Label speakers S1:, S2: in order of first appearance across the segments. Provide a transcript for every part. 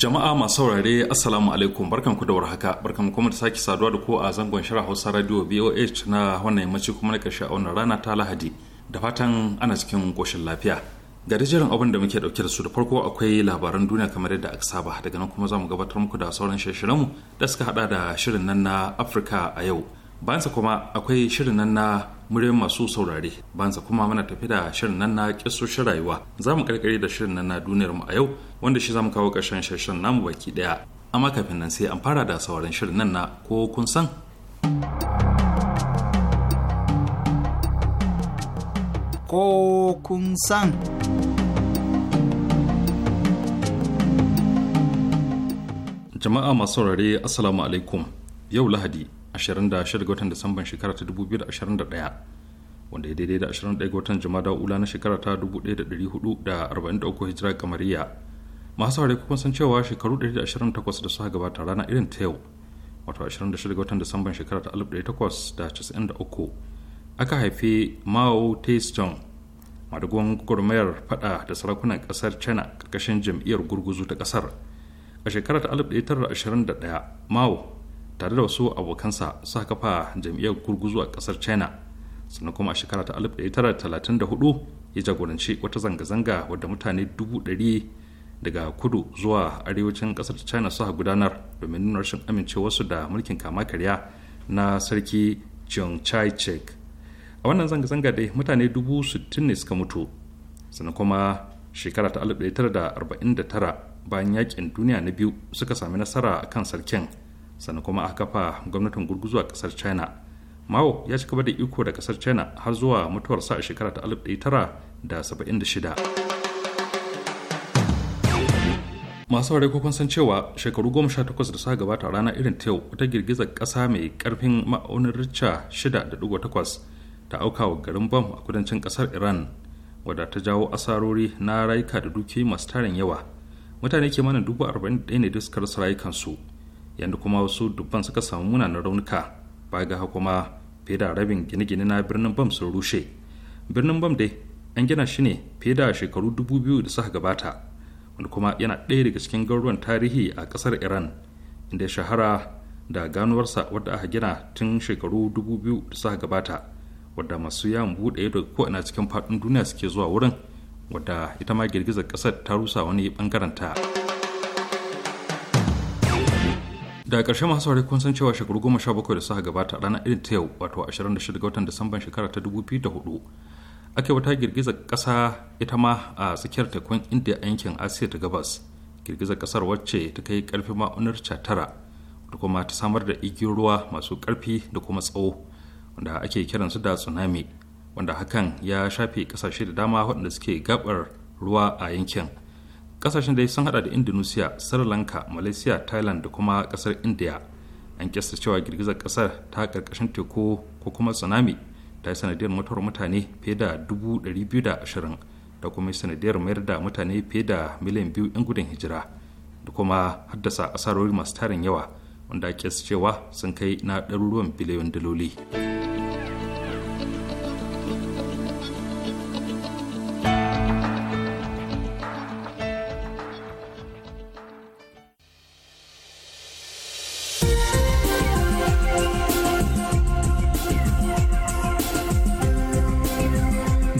S1: Jama'a masu saurare Assalamu alaikum barkan ku da warhaka barkan kuma da sake saduwa da ku a zangon shirin Hausa Radio BOH na wannan yammaci kuma na karshe a wannan rana ta Lahadi da fatan ana cikin koshin lafiya. Ga abun abin da muke dauke da su da farko akwai labaran duniya kamar yadda aka saba daga nan kuma zamu mu gabatar muku da sauran shirye mu da suka hada da shirin nan na Afirka a yau. bansa kuma akwai shirin nan na muryar masu saurare bansa kuma muna tafi da shirin nan na kisoshin rayuwa za mu karkare da shirin nan na duniyar mu a yau wanda shi za mu kawo ƙarshen shirin namu baki ɗaya amma kafin nan sai an fara da sauran shirin nan na ko kun san
S2: ko kun san
S1: jama'a masu saurare assalamu alaikum yau lahadi 26 ga watan Disamban shekara ta 2021 wanda ya daidai da 21 ga watan Jumada Ula na shekara ta 1443 hijira kamariya. Masu saurari kuma san cewa shekaru 128 da suka gabata rana irin ta yau wato 26 ga watan Disamban shekara ta 1893 aka haifi Mao Tse-tung madugon gwagwarmayar fada da sarakunan kasar China karkashin jam'iyyar gurguzu ta kasar. A shekarar 1921 Mao tare da wasu abokansa suka kafa jam'iyyar gurguzu a kasar china sannan kuma a shekara ta 1934 ya jagoranci wata zanga-zanga wadda mutane dubu ɗari daga kudu zuwa arewacin kasar china suka gudanar domin nuna rashin amincewarsu da mulkin kama karya na sarki chiang chai chek a wannan zanga-zanga dai mutane dubu sittin ne suka mutu sannan kuma shekara ta 1949 bayan yakin duniya na biyu suka sami nasara a kan sarkin sannan kuma a kafa gwamnatin gurguzu a kasar china mao ya ci gaba da iko da kasar china har zuwa mutuwarsa a shekara ta 1976 masu ware kun san cewa shekaru goma 18 da sa gabata rana irin ta yau wata girgizar kasa mai karfin ma'aunin richa 6.8 ta auka wa garin bam a kudancin kasar iran wadda ta jawo asarori na rayuka da dukiyoyi masu tarin yawa mutane kimanin dubu arba'in da ɗaya ne da rayukansu yadda kuma wasu dubban suka samu munanan raunuka baya ga kuma fiye da rabin gine-gine na birnin bam sun rushe birnin bam dai an gina shi ne fiye da shekaru dubu biyu da suka gabata wanda kuma yana ɗaya daga cikin garuruwan tarihi a ƙasar iran inda ya shahara da ganuwarsa wadda aka gina tun shekaru dubu biyu da suka gabata wadda masu yawon buɗe ido ko ina cikin faɗin duniya suke zuwa wurin wadda ita ma girgizar ƙasar ta rusa wani ɓangaren ta. da ƙarshe masu saurari kun san cewa shekaru goma sha bakwai da suka gabata ranar irin ta yau wato 26 ga watan disamban shekara ta 2004 aka wata girgizar ƙasa ita ma a tsakiyar tekun indiya a yankin asiya ta gabas girgizar ƙasar wacce ta kai ƙarfi ma'unar catara da kuma ta samar da igiyar ruwa masu ƙarfi da kuma tsawo wanda ake kiransu da tsunami wanda hakan ya shafe ƙasashe da dama waɗanda suke gabar ruwa a yankin kasashen dai sun hada da indonesia sri lanka malaysia thailand da kuma kasar india an kyasta cewa girgizar kasar ta karkashin teku ko kuma tsunami ta yi sanadiyar mutuwar mutane fiye da 220 da kuma sanadiyar mayar da mutane fiye da miliyan biyu 'yan gudun hijira da kuma haddasa asarori masu tarin yawa wanda ake cewa sun kai na ɗaruruwan biliyon daloli.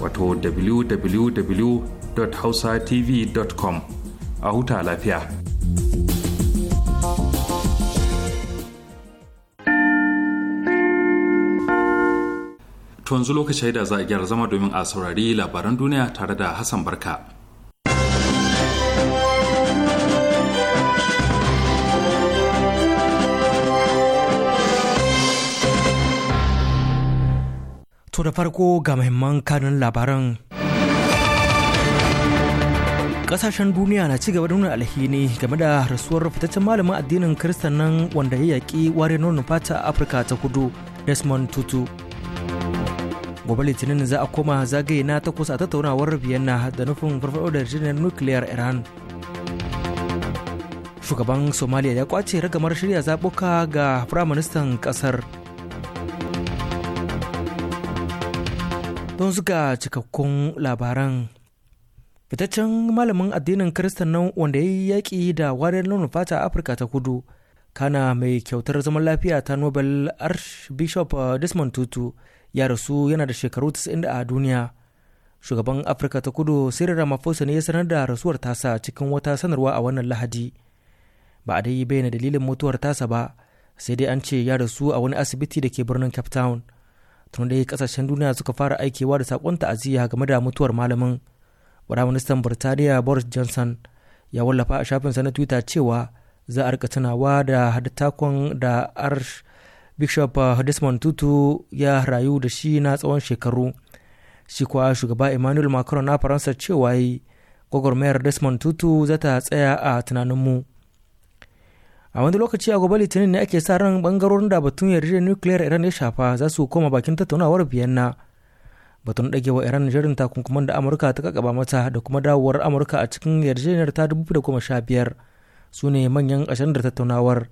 S1: wato www.hausatv.com a huta lafiya. To yanzu lokacin da za a gyara zama domin a saurari labaran duniya tare da Hassan Barka.
S3: To da farko ga muhimman kanin labaran. Kasashen duniya na cigaba da nuna alhini game da rasuwar fitaccen malamin addinin Kirista nan wanda ya yaƙi ware nuna fata a Afirka ta kudu Desmond Tutu. Gobe Litinin za a koma zagaye na takwas a tattaunawar Vienna da nufin farfaɗo da jirgin nukiliyar Iran. Shugaban Somaliya ya kwace ragamar shirya zaɓuka ga Firaministan ƙasar. don zuga cikakkun labaran fitaccen malamin addinin kristan nan wanda ya yi yaƙi da wariyar launin fata a afirka ta kudu kana mai kyautar zaman lafiya ta nobel archbishop uh, desmond tutu ya rasu yana da shekaru 90 a duniya shugaban afirka ta kudu cyril ramaphosa ne ya sanar da rasuwar tasa cikin wata sanarwa a wannan lahadi ba a dai bayyana dalilin mutuwar tasa ba sai dai an ce ya rasu a wani asibiti da ke birnin cape town tun dai kasashen duniya suka fara aikewa da sakon ta'aziyya game da mutuwar malamin firaministan burtaniya boris johnson ya wallafa a shafinsa na twitter cewa za a rika tunawa da takon da archbishop desmond tutu ya rayu da shi na tsawon shekaru shi kuwa shugaba emmanuel macron na faransa cewa yi gwagwarmayar desmond tutu za ta tsaya a tunaninmu a wani lokaci a gobe litinin ne ake sa ran bangarorin da batun yarjejeniyar nukiliyar iran ya shafa za su koma bakin tattaunawar biyanna batun dagewa iran jerin takunkuman da amurka ta kakaba mata da kuma dawowar amurka a cikin yarjejeniyar ta 2015 su ne manyan ashirin da tattaunawar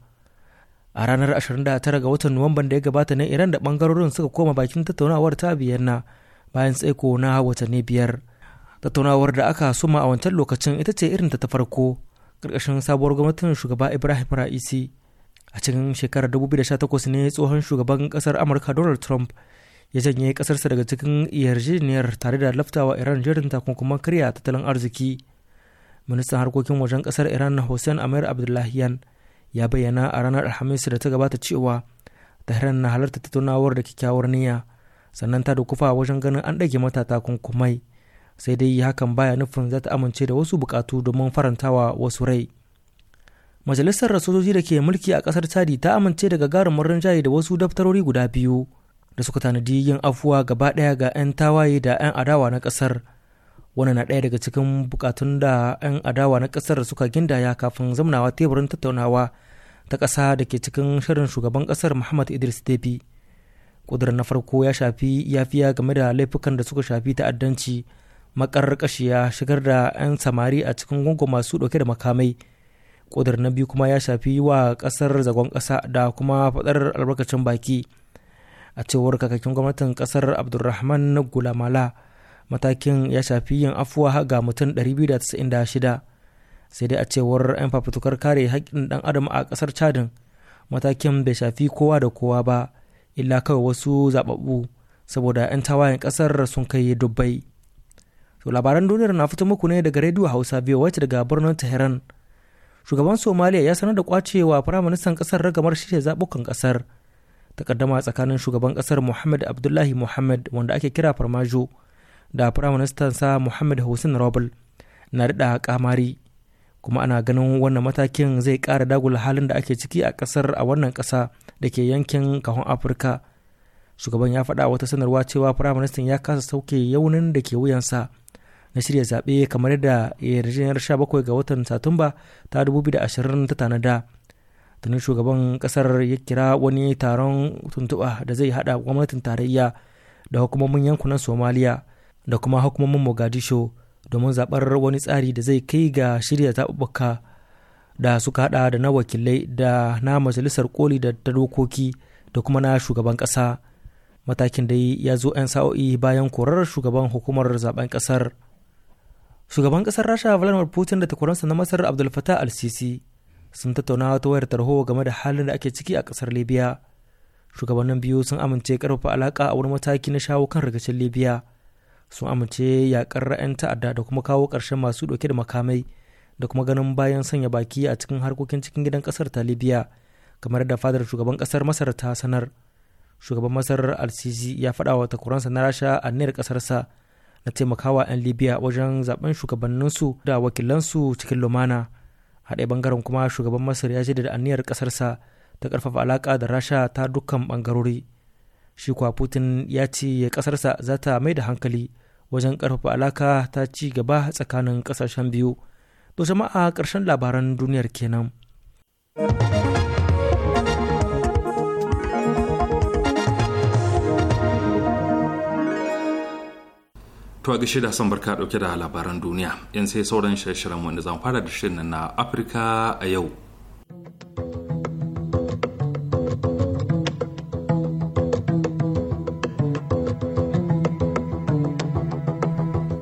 S3: a ranar 29 ga watan nuwamban da ya gabata ne iran da bangarorin suka koma bakin tattaunawar ta biyanna bayan tsaiko na watanni biyar tattaunawar da aka suma a wancan lokacin ita ce irin ta ta farko karkashin sabuwar gwamnatin shugaba ibrahim ra'isi a cikin shekarar 2018 ne tsohon shugaban kasar amurka donald trump ya janye kasarsa daga cikin yarjejeniyar tare da laftawa iran jerin takunkuman karya tattalin arziki ministan harkokin wajen kasar iran hussein amir abdullahiyan ya bayyana a ranar alhamis da ta gabata cewa tehran na halarta tattaunawar da kyakkyawar niyya sannan ta dukufa wajen ganin an ɗage mata takunkumai sai dai hakan baya nufin za ta amince da wasu bukatu domin farantawa wasu rai majalisar sojoji da ke mulki a kasar chadi ta amince da gagarumin rinjaye da wasu daftarori guda biyu da suka tanadi yin afuwa gaba daya ga 'yan tawaye da 'yan adawa na kasar wannan na ɗaya daga cikin bukatun da 'yan adawa na kasar suka gindaya kafin zamanawa teburin tattaunawa ta ƙasa da ke cikin shirin shugaban ƙasar muhammad idris debi ƙudurin na farko ya shafi yafiya game da laifukan da suka shafi ta'addanci makarkashiya shigar da 'yan samari a cikin gungun masu ɗauke da makamai ƙudur na biyu kuma ya shafi wa ƙasar zagon ƙasa da kuma faɗar albarkacin baki a cewar kakakin gwamnatin ƙasar abdulrahman na gulamala matakin ya shafi yin afuwa ga mutum 296 sai dai a cewar 'yan fafutukar kare haƙƙin ɗan adam a ƙasar chadin matakin bai shafi kowa da kowa ba illa kawai wasu zaɓaɓɓu saboda 'yan tawayen ƙasar sun kai dubbai To labaran duniyar na fito muku ne daga rediyo Hausa wacce daga birnin Tehran. Shugaban Somaliya ya sanar da kwacewa firaministan kasar ragamar shirya zaɓukan kasar. Takaddama tsakanin shugaban kasar Muhammad Abdullahi Muhammad wanda ake kira Farmajo da firaministan sa Muhammad Hussein Robel na daɗa kamari. Kuma ana ganin wannan matakin zai ƙara dagula halin da ake ciki a kasar a wannan ƙasa da ke yankin kahon Afirka. shugaban ya faɗa wata sanarwa cewa firaministan ya kasa sauke yaunin da ke wuyansa na shirya zaɓe kamar yadda yarjejeniyar bakwai ga watan satumba ta 2020 ta tanada tunan shugaban kasar ya kira wani taron tuntuɓa da zai haɗa gwamnatin tarayya da hukumomin yankunan somaliya da kuma hukumomin mogadisho domin zaɓar wani tsari da zai kai ga shirya zaɓuɓɓuka da suka haɗa da na wakilai da na majalisar koli da ta dokoki da kuma na shugaban ƙasa. matakin da ya zo 'yan sa'o'i bayan korar shugaban hukumar zaben kasar shugaban kasar rasha vladimir putin da takwaransa na masar abdul fatah al-sisi sun tattauna ta wayar tarho game da halin da ake ciki a kasar libya shugabannin biyu sun amince karfafa alaka a wani mataki na shawo kan rigacin libya sun amince yakar 'yan ta'adda da kuma kawo karshen masu ɗauke da makamai da kuma ganin bayan sanya baki a cikin harkokin cikin gidan kasar ta libya kamar da fadar shugaban kasar masar ta sanar shugaban masar al ya faɗa wa takwaransa na rasha a niyar ƙasarsa na taimakawa 'yan libya wajen zaben shugabanninsu da wakilansu cikin lumana a ɗaya bangaren kuma shugaban masar ya jaddada aniyar ƙasarsa ta ƙarfafa alaƙa da rasha ta dukkan ɓangarori shi kuwa putin ya ce ƙasarsa za ta mai da hankali wajen ƙarfafa alaƙa ta ci gaba tsakanin ƙasashen biyu to jama'a ƙarshen labaran duniyar kenan.
S1: To a gashi da son barka dauke da labaran duniya yan sai sauran shirye mu wanda zan fara da shirin na Afirka a yau.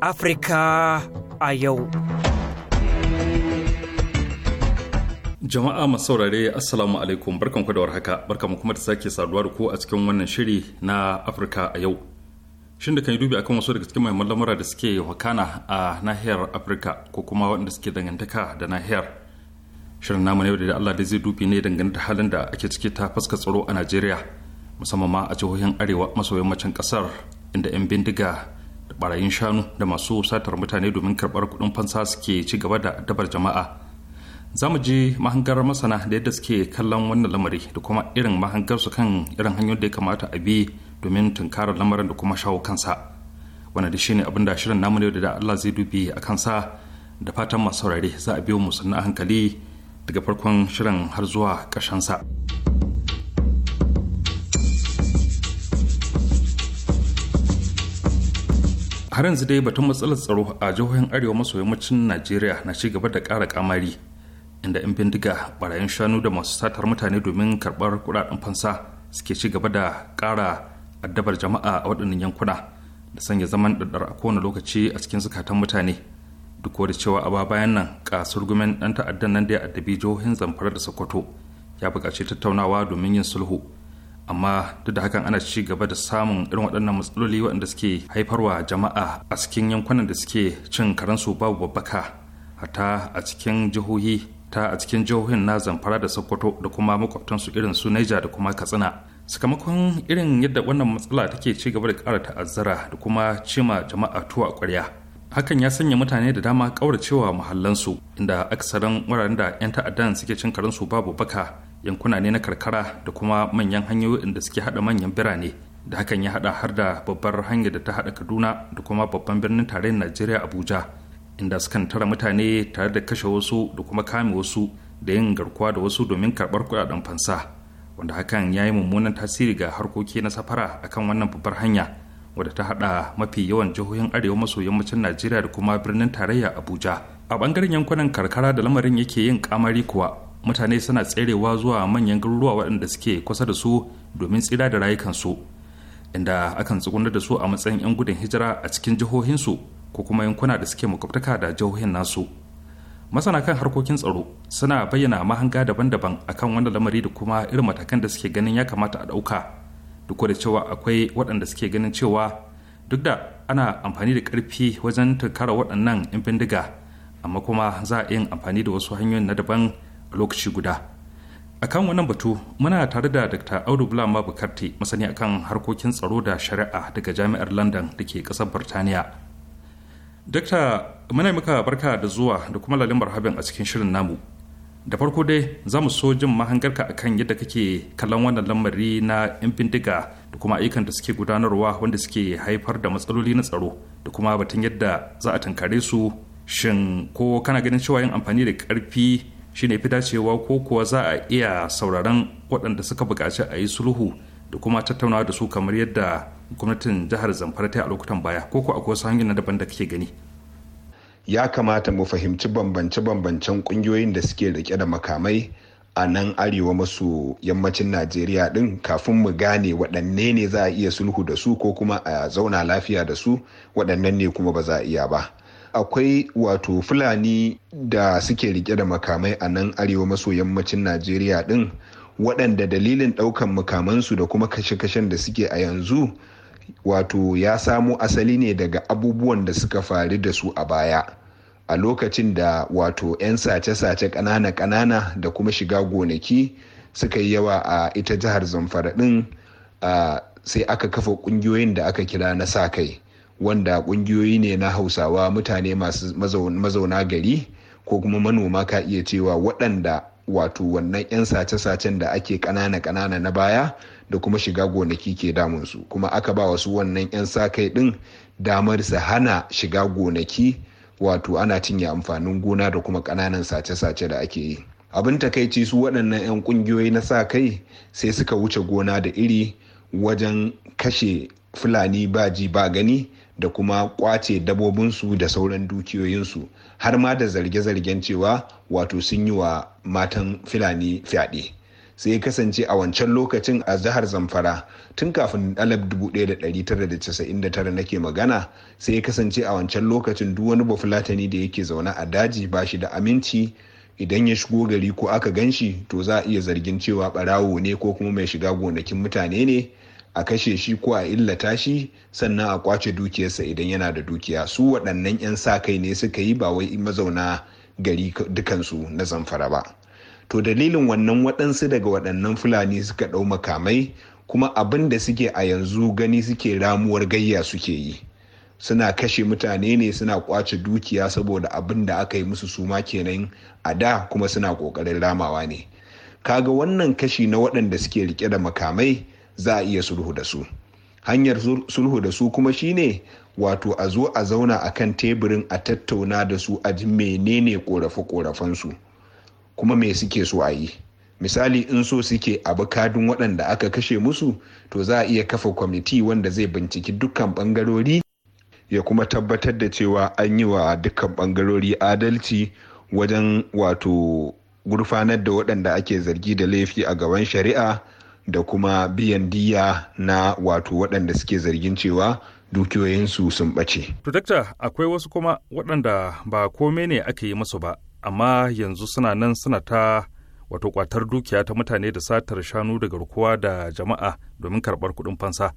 S3: Afirka a yau.
S1: Jama'a masu saurare Assalamu alaikum barkanku da warhaka barkanku kuma da sake saduwa da ku a cikin wannan shiri na Afirka a yau. shin da kan yi dubi akan wasu daga cikin mahimman lamura da suke wakana a nahiyar afirka ko kuma waɗanda suke dangantaka da nahiyar shirin namu ne da allah da zai dubi ne dangane da halin da ake ciki ta faska tsaro a najeriya musamman ma a jihohin arewa maso yammacin kasar inda 'yan bindiga da barayin shanu da masu satar mutane domin karbar kuɗin fansa suke ci gaba da dabar jama'a za mu ji mahangar masana da yadda suke kallon wannan lamari da kuma irin mahangarsu kan irin hanyoyin da ya kamata a bi domin tunkarar lamarin da kuma shawo kansa wanda da shi ne abin da shirin namu yau da Allah zai dubi a kansa da fatan masu saurare za a biyo musu sannan hankali daga farkon shirin har zuwa ƙarshen sa. har yanzu dai batun matsalar tsaro a jihohin arewa maso yammacin najeriya na ci gaba da ƙara kamari inda 'yan bindiga barayin shanu da masu satar mutane domin karɓar kuɗaɗen fansa suke ci gaba da ƙara addabar jama'a a waɗannan yankuna da sanya zaman ɗaɗɗar a kowane lokaci a cikin zukatan mutane duk da cewa a ba bayan nan kasar gumen ɗan ta'addan nan da ya addabi jihohin zamfara da sokoto ya buƙaci tattaunawa domin yin sulhu amma duk da hakan ana ci gaba da samun irin waɗannan matsaloli waɗanda suke haifarwa jama'a a cikin yankunan da suke cin karansu babu babbaka hata a cikin jihohi ta a cikin jihohin na zamfara da sokoto da kuma makwabtansu irin su naija da kuma katsina sakamakon irin yadda wannan matsala take ci gaba da kara ta'azzara da kuma cima jama'a tuwa kwarya hakan ya sanya mutane da dama ƙauracewa muhallansu inda aksarin wuraren da 'yan ta'addan suke cin karansu babu baka yankuna ne na karkara da kuma manyan hanyoyin da suke haɗa manyan birane da hakan ya haɗa har da babbar hanyar da ta haɗa kaduna da kuma babban birnin tarayyar najeriya abuja inda sukan tara mutane tare da kashe wasu da kuma kame wasu da yin garkuwa da wasu domin karɓar kudaden fansa wanda hakan ya yi mummunan tasiri ga harkoki na safara akan wannan babbar hanya wadda ta haɗa mafi yawan jihohin arewa maso yammacin najeriya da kuma birnin tarayya abuja a bangaren yankunan karkara da lamarin yake yin kamari kuwa mutane suna tserewa zuwa manyan garuruwa waɗanda suke kusa da su domin tsira da rayukansu inda akan tsugunar da su a matsayin 'yan gudun hijira a cikin jihohinsu ko kuma yankuna da suke makwabtaka da jihohin nasu masana kan harkokin tsaro suna bayyana mahanga daban-daban akan wannan lamari da kuma irin matakan da suke ganin ya kamata a ɗauka duk da cewa akwai waɗanda suke ganin cewa duk da ana amfani da ƙarfi wajen tunkara waɗannan 'yan bindiga amma kuma za a yin amfani da wasu hanyoyin na daban a lokaci guda akan wannan batu muna tare da dr audu bulama bukarti masani akan harkokin tsaro da shari'a daga jami'ar london da ke ƙasar birtaniya Dokta muna muka barka da zuwa da kuma lalin habin a cikin shirin namu. Da farko dai za mu so jin mahangarka akan yadda kake kallon wannan lamari na 'yan bindiga da kuma ayyukan da suke gudanarwa wanda suke haifar da matsaloli na tsaro da kuma batun yadda za a tankare su shin ko kana ganin cewa yin amfani da karfi shine fi dacewa ko kuwa za a iya sauraron waɗanda suka buƙaci a yi sulhu da kuma tattaunawa da su kamar yadda gwamnatin jihar zamfara ta a lokutan baya ko ko akwai wasu hanyoyi na daban da kake gani
S4: ya kamata mu fahimci bambance-bambancen kungiyoyin da suke rike da makamai a nan arewa maso yammacin najeriya din kafin mu gane waɗanne ne za a iya sulhu da su ko kuma a zauna lafiya da su waɗannan ne kuma ba za a iya ba akwai wato fulani da suke rike da makamai a nan arewa maso yammacin najeriya din waɗanda dalilin ɗaukan makamansu da kuma kashe-kashen da suke a yanzu wato ya samo asali ne daga abubuwan da suka faru da su a baya a lokacin da wato 'yan sace-sace kanana-kanana da kuma shiga gonaki suka yi yawa a ita jihar zamfara ɗin sai aka kafa ƙungiyoyin da aka kira na sa kai wanda ƙungiyoyi ne na hausawa mutane masu mazauna gari ko kuma manoma ka iya cewa waɗanda wato wannan 'yan sace-sacen da ake kanana-kanana na baya da kuma shiga gonaki ke damunsu kuma aka ba wasu wannan 'yan sa kai din damar su hana shiga gonaki wato ana cinye amfanin gona da kuma ƙananan sace-sace da ake yi abin takaici su waɗannan 'yan ƙungiyoyi na sa kai sai suka wuce gona da iri wajen kashe fulani baji ba gani da kuma kwace dabobinsu da sauran dukiyoyinsu har ma da zarge-zargen cewa wato sun yi wa matan fulani fyaɗe. sai ya kasance a wancan lokacin a jihar zamfara tun kafin 1999 nake magana sai ya kasance a wancan lokacin duk wani bafulatani da yake zaune a daji ba shi da aminci idan ya shigo gari ko aka gan shi to za a iya zargin cewa barawo ne ko kuma mai shiga gonakin mutane ne a kashe shi ko a illata shi sannan a kwace dukiyarsa idan yana da dukiya su waɗannan 'yan sa kai ne suka yi ba wai mazauna gari dukansu na zamfara ba. to dalilin wannan waɗansu daga waɗannan fulani suka ɗau makamai kuma abin da suke a yanzu gani suke ramuwar gayya suke yi suna kashe mutane ne suna ƙwace dukiya saboda abin da aka yi musu suma kenan a da kuma suna ƙoƙarin ramawa ne kaga wannan kashi na waɗanda suke rike da makamai za a iya sulhu da su hanyar sulhu da su kuma shine wato a zo a zauna a kan teburin a tattauna da su a ji menene korafe-korafensu kuma me suke so a yi misali in so suke abu wanda waɗanda aka kashe musu to za a iya kafa kwamiti wanda zai binciki dukkan bangarori? ya kuma tabbatar da cewa an yi wa dukkan bangarori adalci wajen wato gurfanar da waɗanda ake zargi da laifi a gaban shari'a da kuma biyan diya na wato waɗanda suke zargin cewa dukiyoyinsu sun bace.
S1: To, akwai wasu kuma waɗanda ba kome ne aka yi masu ba, amma yanzu suna nan suna ta wato kwatar dukiya ta mutane da satar shanu daga rukuwa da jama'a domin karɓar kuɗin fansa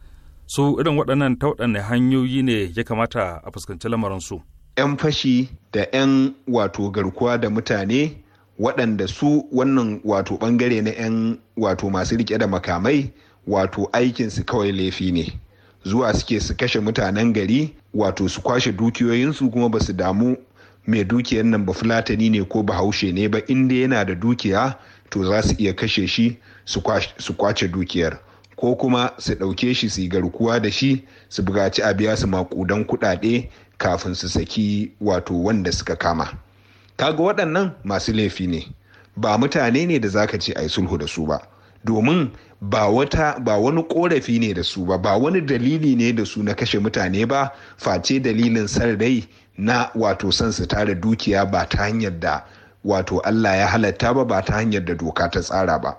S1: su irin waɗannan ta waɗanne hanyoyi ne ya kamata a fuskanci lamarinsu
S4: 'yan fashi da 'yan wato garkuwa da mutane waɗanda su wannan wato ɓangare na 'yan wato masu riƙe da makamai wato aikinsu kawai laifi ne zuwa suke su kashe mutanen gari wato su kwashe dukiyoyinsu kuma ba su damu mai dukiyar nan ba fulatani ne ko bahaushe ne ba inda yana da dukiya to za su iya kashe shi su kwace dukiyar ko kuma su ɗauke shi su yi garkuwa da shi su bugaci a biya su makudan kuɗaɗe kafin su saki wato wanda suka kama kaga waɗannan masu laifi ne ba mutane ne da zaka ce a sulhu da su ba domin ba wata ba wani korafi ne da su ba ba wani dalili ne da su na kashe mutane ba face dalilin san rai na wato son su tara dukiya ba ta hanyar da wato Allah ya halatta ba ba ta hanyar da doka ta tsara ba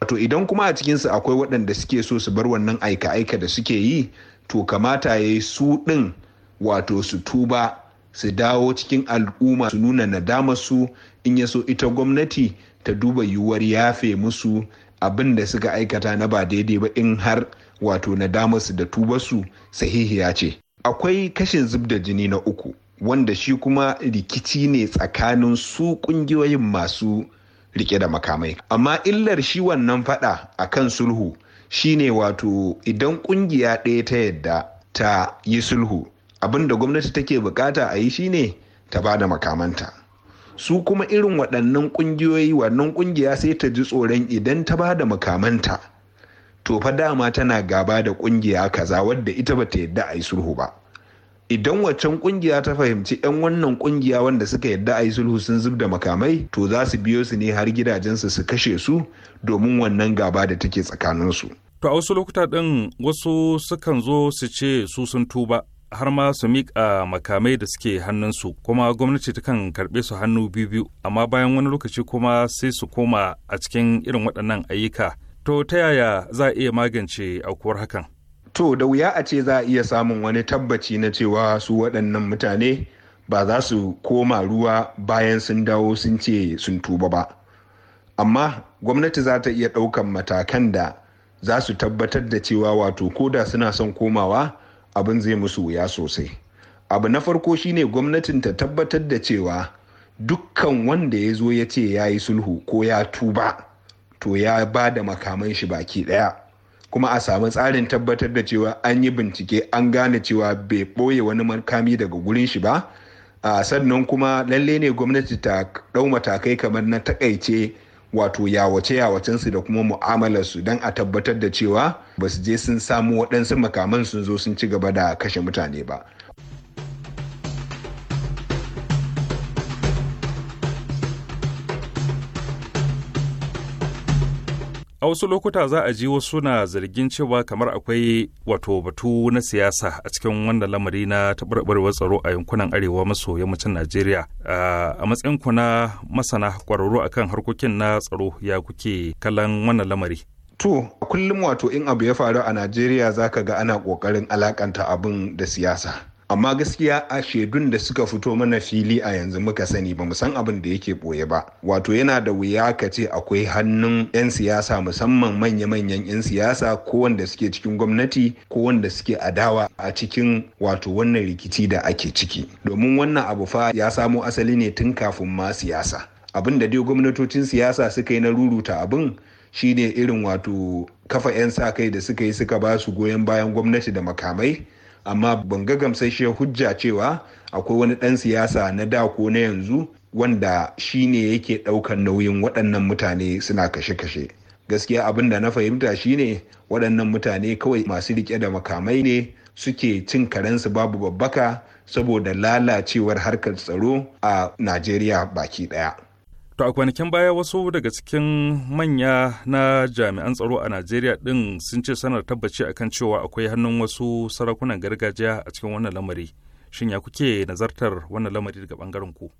S4: wato idan kuma a cikinsu akwai waɗanda suke so su bar wannan aika-aika da suke yi to kamata ya yi su ɗin wato su tuba su dawo cikin al'umma su nuna nadama su in ya so ita gwamnati ta duba yiwuwar yafe musu abin da suka aikata na ba daidai ba in har wato su da tubasu sahihiya ce akwai kashin zub da jini na uku wanda shi kuma rikici ne tsakanin su kungiyoyin masu rike da makamai amma illar shi wannan fada a kan sulhu shine wato idan kungiya ɗaya ta yadda ta yi sulhu abinda gwamnati take bukata a yi shine ta ba da makamanta su kuma irin waɗannan ƙungiyoyi wannan ƙungiya sai ta ji tsoron idan ta ba da makamanta to fa dama tana gaba da ƙungiya kaza wadda ita ba ta yadda a yi sulhu ba idan waccan kungiya ta fahimci 'yan wannan kungiya wanda suka yadda a yi sulhu sun zub da makamai to za su biyo su ne har gidajensu su kashe su domin wannan gaba da take tsakaninsu.
S1: To a wasu lokuta ɗin wasu sukan zo su ce su sun tuba har ma su miƙa makamai da suke hannunsu kuma gwamnati ta kan karɓe su hannu biyu biyu amma bayan wani lokaci kuma sai su koma a cikin irin waɗannan ayyuka to ta yaya za a iya magance aukuwar hakan
S4: to da wuya a ce za a iya samun wani tabbaci na cewa su waɗannan mutane ba za su koma ruwa bayan sun dawo sun ce sun tuba ba amma gwamnati za ta iya ɗaukan matakan da za su tabbatar da cewa wato ko da suna son komawa abin zai musu wuya sosai abu na farko shine gwamnatin ta tabbatar da cewa dukkan wanda ya zo ya ce ya yi sulhu ko ya tuba to ya ba da makaman shi baki ɗaya kuma a samu tsarin tabbatar da cewa an yi bincike an gane cewa bai ɓoye wani makami daga gurin shi ba a sannan kuma lalle ne gwamnati ta ɗau matakai kamar na takaice wato yawace yawacensu da kuma mu'amalarsu don a tabbatar da cewa ba su je sun samu waɗansu makaman sun zo sun ci gaba da kashe mutane ba
S1: a wasu lokuta za a ji wasu na zargin cewa kamar akwai wato batu na siyasa a cikin wannan lamari na taɓarɓarewar tsaro a yankunan arewa maso yammacin najeriya a matsayin ku na masana kwararru akan harkokin na tsaro ya kuke kallon wannan lamari
S4: To, kullum wato in abu ya faru a Najeriya ka ga ana ƙoƙarin alakanta abin da siyasa. amma gaskiya a shaidun da suka fito mana fili a yanzu muka sani ba san abin da yake boye ba wato yana da wuya ka ce akwai hannun 'yan siyasa musamman manya-manyan 'yan siyasa ko wanda suke cikin gwamnati ko wanda suke adawa a cikin wato wannan rikici da ake ciki domin wannan abu fa ya samo asali ne tun kafin ma siyasa abin da dai gwamnatocin siyasa suka yi na ruruta abin shine irin wato kafa 'yan sa kai da suka yi suka ba su goyon bayan gwamnati da makamai amma ban ga gamsasshiyar hujja cewa akwai wani ɗan siyasa na da ko na yanzu wanda shi ne yake ɗaukar nauyin waɗannan mutane suna kashe-kashe gaskiya abin da na fahimta shine waɗannan mutane kawai masu riƙe da makamai ne suke cin karensu babu babbaka saboda lalacewar harkar tsaro a najeriya baki ɗaya
S1: To a kwanakin baya wasu daga cikin manya na jami'an tsaro a Najeriya din sun ce sanar tabbaci akan cewa akwai hannun wasu sarakunan gargajiya a cikin wannan lamari. Shin ya kuke nazartar wannan lamari daga bangaren ku?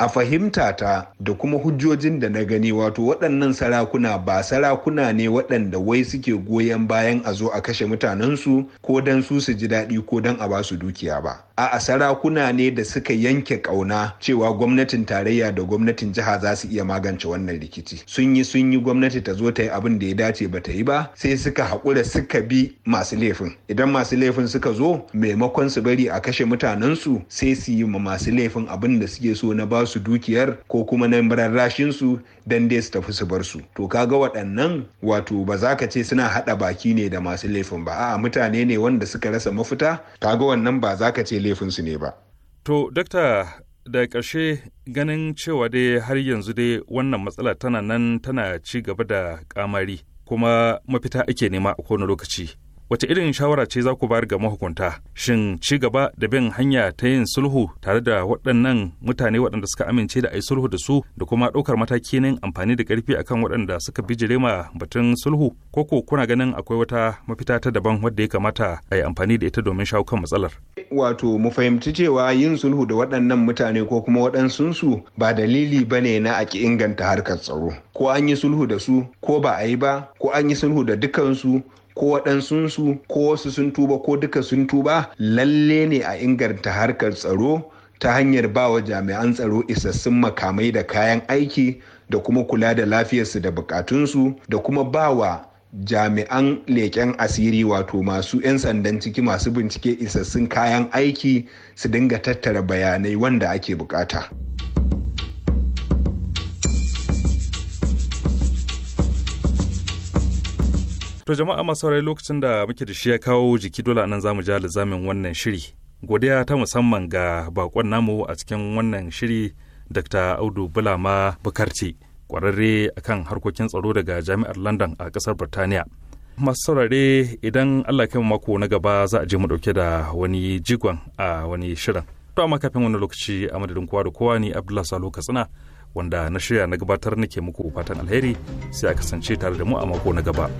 S4: a fahimta ta da kuma hujjojin da na gani wato waɗannan sarakuna ba sarakuna ne waɗanda wai suke goyon bayan a zo a kashe mutanensu ko don su su ji daɗi ko don a ba su dukiya ba a sarakuna ne da suka yanke ƙauna cewa gwamnatin tarayya da gwamnatin jiha za su iya magance wannan rikici sun yi sun yi gwamnati ta zo ta yi abin da ya dace ba ta yi ba sai suka haƙura suka bi masu laifin idan masu laifin suka zo maimakon su bari a kashe mutanensu sai su yi ma masu laifin abin da suke so na ba su dukiyar ko kuma na rarrashin su dan dai su tafi su bar su to kaga waɗannan wato ba za ka ce suna haɗa baki ne da masu laifin ba a'a mutane ne wanda suka rasa mafita kaga wannan ba za ka ce laifin su ne ba
S1: to dokta da ƙarshe ganin cewa dai har yanzu dai wannan matsala tana nan tana ci gaba da kamari kuma mafita ake nema a kowane lokaci wace irin shawara ce za ku bayar ga mahukunta shin ci gaba da bin hanya ta yin sulhu tare da waɗannan mutane waɗanda suka amince da a yi sulhu da su da kuma ɗaukar mataki ne amfani da ƙarfi akan waɗanda suka bijire ma batun sulhu ko ko kuna ganin akwai wata mafita ta daban wadda ya kamata a yi amfani da ita domin shawo kan matsalar
S4: wato mu fahimci cewa yin sulhu da waɗannan mutane ko kuma waɗansunsu ba dalili ba ne na a ki inganta harkar tsaro ko an yi sulhu da su ko ba a yi ba ko an yi sulhu da dukansu ko waɗansunsu ko wasu sun tuba ko duka sun tuba lalle ne a inganta harkar tsaro ta hanyar bawa jami'an tsaro isassun makamai da kayan aiki da kuma kula da lafiyarsu da bukatunsu da kuma bawa jami'an leƙen asiri wato masu 'yan sandan ciki masu bincike isassun kayan aiki su dinga tattara bayanai wanda ake bukata.
S1: To jama'a masu saurari lokacin da muke da shi ya kawo jiki dole nan zamu ja lizamin wannan shiri. Godiya ta musamman ga bakon namu a cikin wannan shiri Dr. Audu Bulama Bukarci kwararre akan harkokin tsaro daga Jami'ar London a ƙasar Birtaniya. Masu saurare idan Allah kai mako na gaba za a je mu dauke da wani jigon a wani shirin. To amma kafin wani lokaci a madadin kowa da kowa ne Abdullahi Salo Katsina wanda na shirya na gabatar nake muku fatan alheri sai a kasance tare da mu a mako na gaba.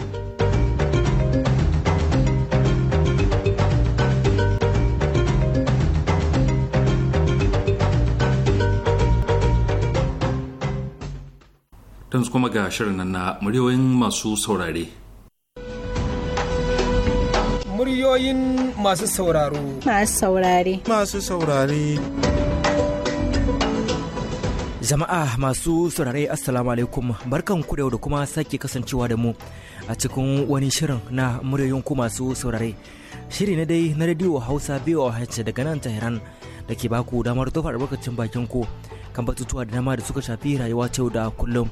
S1: yanzu kuma ga shirin nan na muryoyin masu saurare
S2: muryoyin masu sauraro
S5: masu saurare masu saurare
S3: Jama'a masu saurare Assalamu alaikum barkan ku da kuma sake kasancewa da mu a cikin wani shirin na muryoyin ku masu saurare. Shiri na dai na radio Hausa BOH daga nan Tehran da ke baku damar tofa albarkacin bakin ku kan batutuwa da dama da suka shafi rayuwa ta da kullum.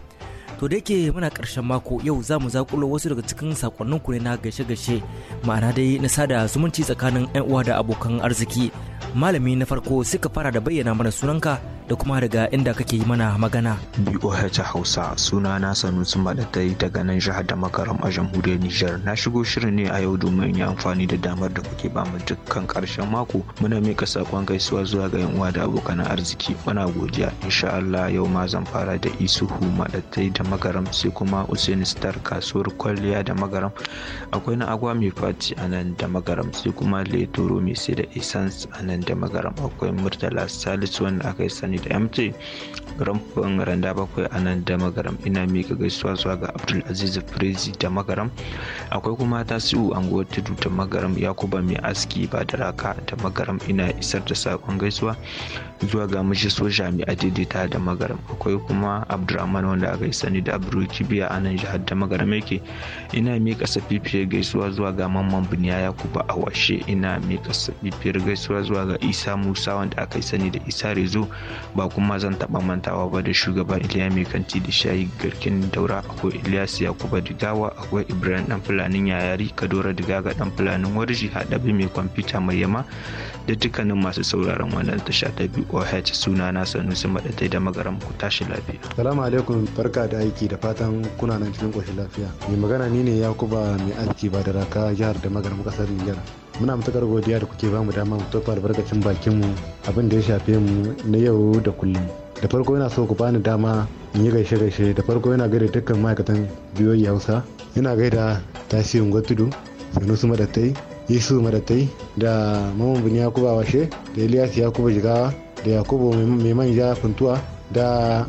S3: to da yake muna karshen mako yau za mu zakulo wasu daga cikin sakonnin ku ne na gaishe-gaishe ma'ana dai na sada zumunci tsakanin 'yan uwa da abokan arziki malami na farko suka fara da bayyana mana sunanka da kuma daga inda kake yi mana magana.
S2: BOH Hausa suna na sun Madatai daga nan jihar da makaram a jamhuriyar Nijar. Na shigo shirin ne a yau domin yi amfani da damar da kuke ba mu dukkan karshen mako. Muna mika sakon gaisuwa zuwa ga yan uwa da abokan arziki. Muna godiya insha Allah yau ma zan fara da Isuhu Madatai da magaram sai kuma usaini star kasuwar kwalliya da magaram akwai na agwa mai faci a nan da magaram sai kuma leturo mai sai da essence a nan da magaram akwai murtala salisu wanda aka yi sani da mt garin randa bakwai a nan da magaram ina mika gaisuwa zuwa ga abdul aziz firizi da magaram akwai kuma tasiu anguwar tudu da magaram yakuba mai aski ba da raka da magaram ina isar da sakon gaisuwa zuwa ga mishi soja mai adidita da magaram akwai kuma abdulrahman wanda aka sani da abdul kibiya a nan jihar da magaram yake ina mika safifiyar gaisuwa zuwa ga mamman buniya yakuba a washe ina mika safifiyar gaisuwa zuwa ga isa musa wanda aka sani da isa rezo ba kuma zan taba man mantawa ba da shugaba iliya mai kanti da shayi garkin daura akwai ilyas yakuba digawa akwai ibrahim dan fulanin yayari kadora digaga dan fulanin warji haɗabi mai kwamfuta mai yama da dukkanin masu sauraron wannan tasha ta oh suna na sanusi maɗatai da magaram ku tashi lafiya
S6: salamu alaikum barka da aiki da fatan kuna nan cikin ƙoshin lafiya mai magana ni ne yakuba mai aiki ba da raka jihar da magaram ƙasar niger muna matuƙar godiya da kuke bamu dama mu tofa albarkacin bakinmu abin da ya shafe mu na yau da kullum da farko yana so ku bani dama in yi gaishe gaishe da farko yana gaida dukkan ma'aikatan biyoyi hausa yana gaida tasirin gwatudu su madattai yesu madattai da mamman bin yakuba washe da iliyas yakuba jigawa da yakubu mai manja funtuwa da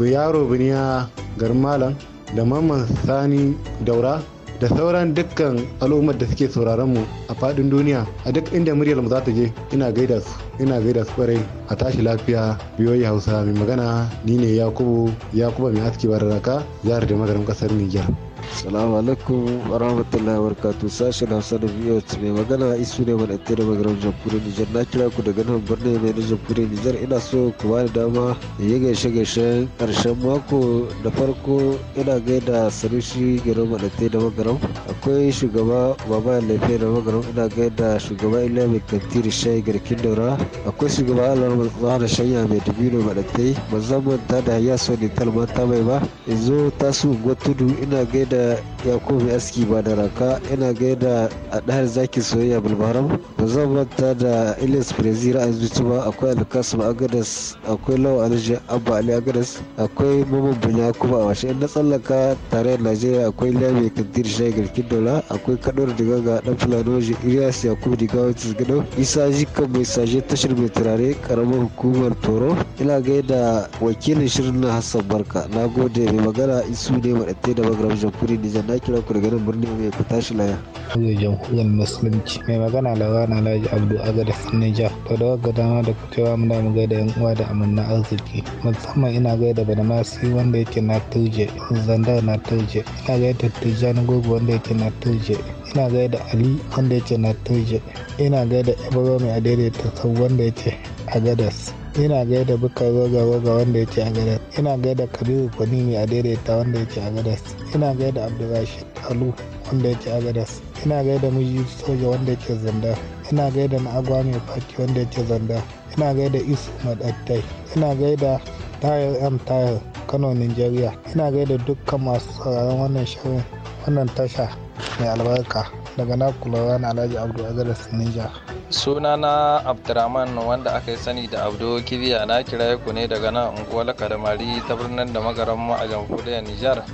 S6: yaro biniya Malam da mamman sani daura da sauran dukkan al'ummar da suke sauraron mu a faɗin duniya a duk inda muryar mu za ta je ina gaida su ina gaida su kwarai a tashi lafiya biyoyi hausa mai magana ni ne yakubu yakuba mai aski raka jihar da magarin kasar niger salamu alaikum wa rahmatullahi wa barakatu sashen hausa da biyu mai magana isu ne wani ɗaya da magaram jamhuriyar nijar na kira ku daga nan birnin mai na jamhuriyar nijar ina so ku ba da dama yi gaishe gaishen ƙarshen mako da farko ina gaida sanushi gero maɗate da magaram akwai shugaba baba lafiya da magaram ina gaida shugaba iliya mai da shayi garkin daura akwai shugaba alar mahara shanya mai dubino maɗate ba zan manta da ya so ne talmanta mai ba yanzu tasu tudu ina gaida da yakubu aski ba da raka ina gaida a ɗahar zaki soyayya bulbaram ba zan manta da ilis brazil a zuci ba akwai alkasim agadas akwai lawa alji abba ali agadas akwai mamman bunya kuma a washe na tsallaka tare da najeriya akwai lami kadir shagar kidola akwai kadar da ga dan fulanoji ilyas yakubu diga wata gado isa jika mai saje tashar mai turare karamar hukumar toro ina gaida wakilin shirin na hassan barka na gode mai magana isu ne maɗatte da magaram jamhuriyar jamhuriyar Nijar na kira ku daga nan birni mai ku tashi laya. Hanyar jamhuriyar Musulunci
S5: mai magana lawana Alhaji Abdu Agada Sinija to da wagga dama da kutewa muna mu gaida yan uwa da amanna arziki musamman ina gaida Badamasi wanda yake na Turje Zandar na Turje ina gaida Tijjani Gogo wanda yake na Turje ina gaida Ali wanda yake na Turje ina gaida Ibrahim mai adaidaita sau wanda yake a Gadas. ina gaida bukar roga roga wanda yake a gadas ina gaida kabiru kwanini a daidaita wanda yake a gadas ina gaida abdurrashid alu wanda yake a gadas ina gaida miji soja wanda yake zanda ina gaida na agwa mai faki wanda yake zanda ina gaida isu madattai ina gaida tayar m tayar kano nigeria ina gaida dukkan masu sauraron wannan shirin wannan tasha mai albarka daga na kulawa na alhaji abdu azhar sinija
S7: suna na abdurrahman wanda aka yi sani da abdo kibiya na kiraye ku ne daga nan unguwar kadamari ta birnin da magaran a jamhuriyar nijar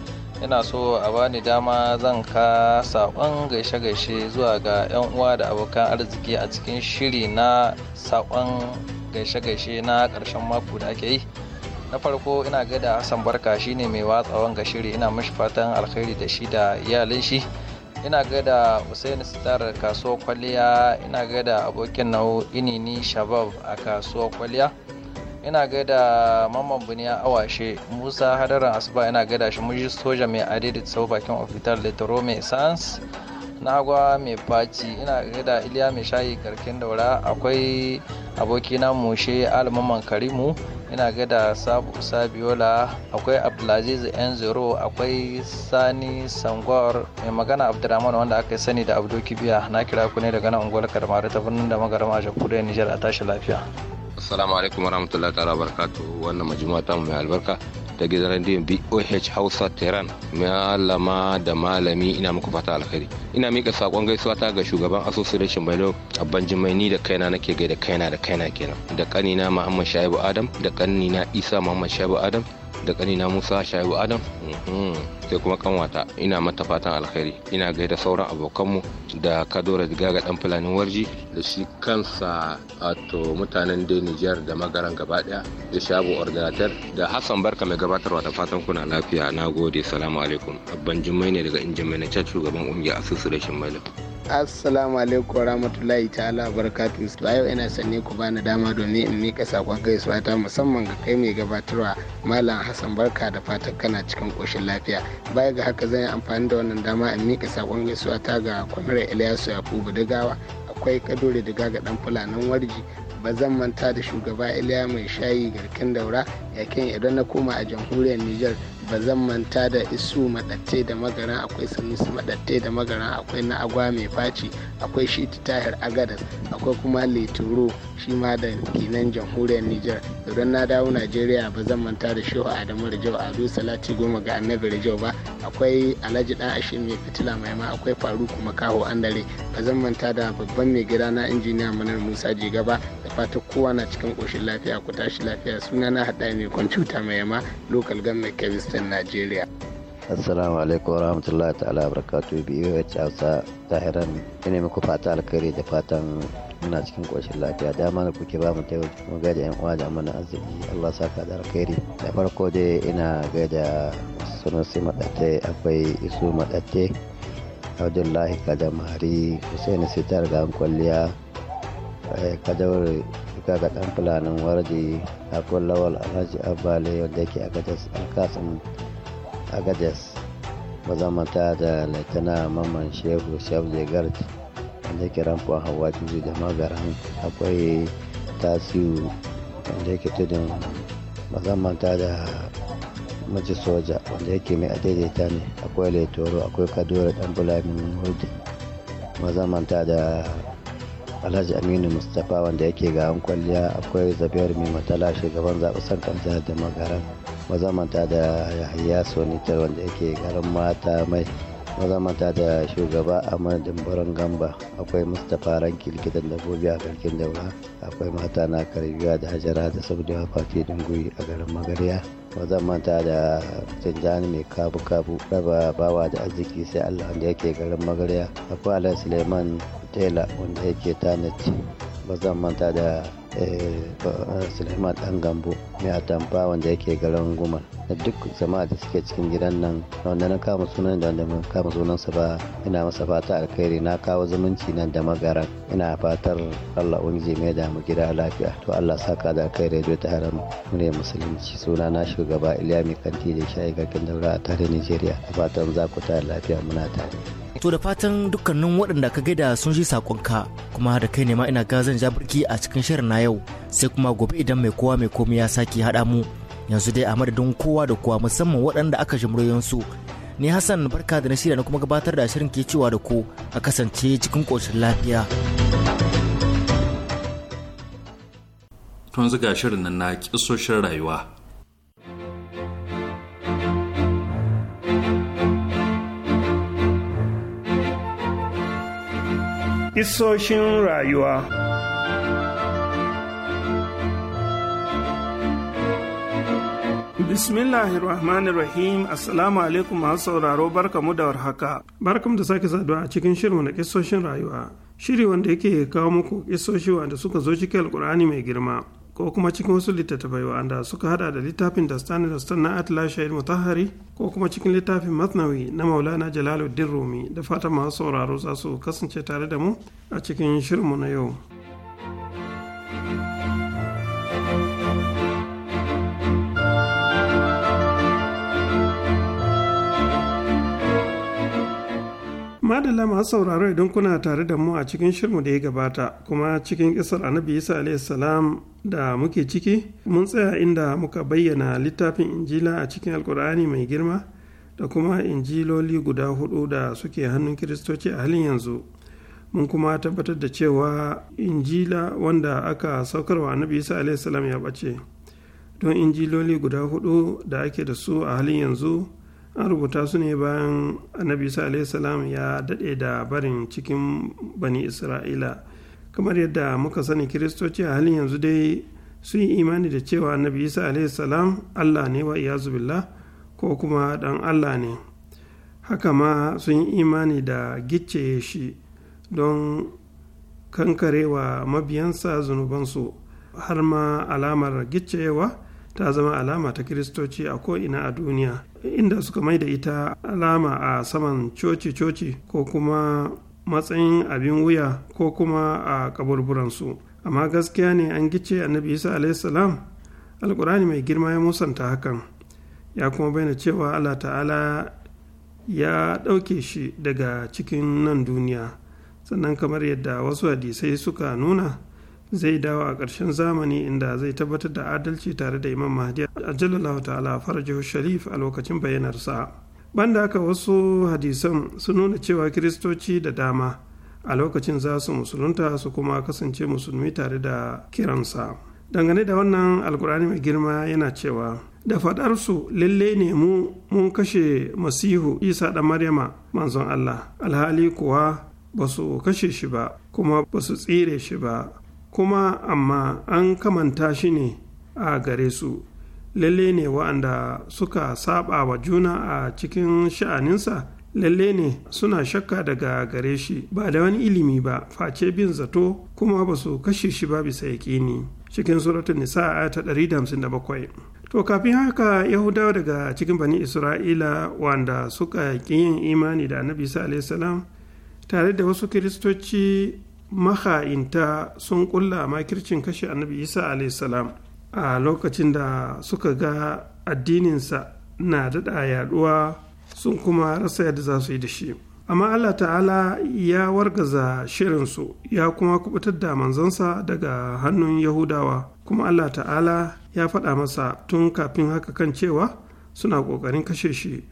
S7: ina so a bani dama zan ka saƙon gaishe-gaishe zuwa ga 'yan uwa da abokan arziki a cikin shiri na saƙon gaishe-gaishe na ƙarshen mako da ake yi na farko ina gaida hassan barka shine mai watsawan ga shiri ina mashi fatan alkhairi da shi da iyalin shi ina gaida usain star kasuwar kwalliya ina gaida abokin nau inini shabab a kasuwar kwalliya ina gaida mamman buniya awashe musa hadarin asuba ina gaida shi muji soja mai adidi sau bakin ofitar litoro mai sans nagwa mai faci ina gaida iliya mai shayi karkin daura akwai abokina mushe almaman karimu ina gada sabiola akwai abdulaziz n zero akwai sani sangwar mai magana abdulrahman wanda aka sani da abdo kibiya na kira ku ne daga nan unguwar karmaru ta birnin da magarama a jamhuriyar nijar a tashi lafiya
S6: assalamu alaikum warahmatullahi ta'ala barakatuh wannan majima ta mai albarka da gidan rediyon BOH Hausa Tehran
S4: malama da malami ina muku fata alkhairi ina mika sakon gaisuwa ta ga shugaban association a Abban ni da kaina nake da kaina da kaina kenan da kanina Muhammad Shaibu Adam da kanina Isa Muhammad Shaibu Adam da kanina Musa Shaibu Adam mhm. sai kuma kanwata ina mata fatan alkhairi ina da sauran abokanmu da kadora gaga dan fulani warji da shi kansa wato mutanen da Nijar da magaran gaba daya da shabu ordinator da Hassan Barka mai gabatarwa da fatan kuna lafiya na gode salamu alaikum abban jummai ne daga injin injimai na shugaban kungiyar asusu da shimbali
S5: assalamu alaikum warahmatullahi ta'ala barakatu su yau ina sanne ku bani dama domin in mika sakon gaisuwa ta musamman ga kai mai gabatarwa malam hassan barka da fatan kana cikin koshin lafiya baya ga haka zan yi amfani da wannan dama in mika sakon gaisuwa ta ga kwamirar ilyasu yakubu gawa akwai kadore diga ga dan fulanin warji ba zan manta da shugaba iliya mai shayi garkin daura yakin idan na koma a jamhuriyar niger ba zan manta da isu madatte da magaran akwai sanusi madatte da magaran akwai na agwa mai faci akwai shi tahir agadas akwai kuma leturo shi ma da kinan jamhuriyar niger idan na dawo najeriya ba zan manta da shehu adamu a ado salati goma ga annabi jau ba akwai alhaji dan ashe mai fitila mai ma akwai faru kuma kaho andare ba zan manta da babban mai gida na injiniya manar musa jiga ba da fata kowa na cikin koshin lafiya ku tashi lafiya suna na haɗa mai kwamfuta mai ma local government ƙasar najeriya
S8: assalamu alaikum warahmatullahi ta'ala barakatu biyu yace hausa tahiran ina muku fata alkhairi da fatan muna cikin ƙoshin lafiya dama da kuke ba mu taimaki mu gaida yan uwa da amana arziki Allah saka da alkhairi da farko dai ina gaida sunusi madatte akwai isu madatte abdullahi kadamari hussein sitar ga kwalliya eh, kadawar Ka ga ɗan fulanin warje akwai lawal alhaji abale wanda yake agadas alkasim agadas mazamanta da laitana mamman shehu shabde gard wanda yake ramfuwa hawa juji da magaran akwai tasiru wanda yake tudun mazamanta da maji soja wanda yake mai adaidaita ne akwai laitoro akwai kadoro dan bulamin hudu mazamanta da alhaji aminu mustapha wanda yake an kwalliya akwai zabiyar mai matala shugaban zaɓen kan jihar da magaran mazamanta da yahaya sonitar wanda yake garin mata mai mazamanta da shugaba ahmad dimbaran gamba akwai mustapha ranki likitan dabbobi a garkin daura akwai mata na karbiya da hajara da sabda fati dunguri a garin magariya mazamanta da tunjani mai kabu kabu raba bawa da arziki sai allah wanda yake garin magariya akwai alai suleiman tela wanda yake tanaci ba zan manta da eh, suleiman dan gambo mai atamfa wanda yake garin goma da duk zama da suke cikin gidan nan wanda na kama sunan da wanda kama sunansa ba ina masa fata alkhairi na kawo zumunci nan da magaran ina fatar allah unji mai damu gida lafiya to allah saka da alkhairi da ta haram ne musulunci suna na shugaba iliya mai kanti da shayi garkin daura a tare nigeria fatan za ku ta lafiya muna tare
S3: To da fatan dukkanin waɗanda ka gaida sun ji saƙonka kuma da kai ne ma ina ja birki a cikin shirin na yau sai kuma gobe idan mai kowa mai komai ya sake haɗa mu yanzu dai a madadin kowa da kowa musamman waɗanda aka ji muryoyinsu. Ni Hassan barka da na shirya na kuma gabatar da shirin ke cewa da ku a kasance cikin ƙoshin lafiya.
S1: Tun zuga shirin nan na ƙisoshin rayuwa.
S9: Isoshin rayuwa. Bismillahirrahmanirrahim Assalamu alaikum masu sauraro barkamu da warhaka. Barkamu da sake saduwa a cikin shirin na kisoshin rayuwa. Shiri wanda yake kawo muku kisoshi wanda suka zo cikin alkur'ani mai girma ko kuma cikin wasu littattafai wa'anda suka hada da littafin da dastan na atla shahid mutahari ko kuma cikin littafin masnawi na maulana jalaluddin rumi da fata masu sauraro za su kasance tare da mu a cikin shirinmu na yau. madalla masu sauraro idan kuna tare da mu a cikin shirmu da ya gabata kuma cikin kisar annabi isa salam da muke ciki mun tsaya inda muka bayyana littafin injila a cikin alkur'ani mai girma da kuma injiloli guda hudu da suke hannun kiristoci a halin yanzu mun kuma tabbatar da cewa injila wanda aka saukarwa annabi isa salam ya ɓace don injiloli guda hudu da ake da su a halin yanzu an rubuta su ne bayan annabi isa salam ya daɗe da barin cikin bani isra'ila kamar yadda muka sani kiristoci a halin yanzu dai sun yi imani da cewa annabi isa salam allah ne wa iyazu billah ko kuma ɗan allah ne haka ma sun yi imani da gice shi don kankarewa mabiyansa zunubansu har ma alamar gicewa ta zama alama ta kiristoci a ko'ina a duniya inda suka mai da ita alama a saman coci-coci ko kuma matsayin abin wuya ko kuma a kaburburansu amma gaskiya ne an gice annabi isa alaihissalam alkurani mai girma ya musanta hakan ya kuma bayyana cewa allah ta'ala ya ɗauke shi daga cikin nan duniya sannan kamar yadda wasu hadisai suka nuna zai dawo a ƙarshen zamani inda zai tabbatar da adalci tare da imam mahdi ajalallahu ta'ala farajahu sharif a lokacin bayyanarsa banda haka wasu hadisan su nuna cewa kiristoci da dama a lokacin za su musulunta su kuma kasance musulmi tare da kiransa dangane da wannan alkur'ani mai girma yana cewa da faɗarsu lalle ne mu mun kashe masihu isa da maryama manzon allah alhali kuwa ba su kashe shi ba kuma ba su tsire shi ba kuma amma an kamanta shi ne a gare su lalle ne wa'anda suka saba wa juna a cikin sha'aninsa lalle ne suna shakka daga gare shi ba da wani ilimi ba face bin zato kuma ba su kashe shi ba bisa yaƙini cikin suratun nisa ta 157 to kafin haka yahudawa daga cikin bani isra'ila wanda suka yin imani da annabi isa salam tare da wasu kiristoci maha'inta sun kulla makircin kashe annabi isa salam a lokacin da suka ga addininsa na daɗa yaɗuwa sun kuma rasa yadda za su yi da shi amma allah ta'ala ya wargaza shirinsu ya kuma kubutar da manzansa daga hannun yahudawa kuma allah ta'ala ya faɗa masa tun kafin haka kan cewa suna ƙoƙarin kashe shi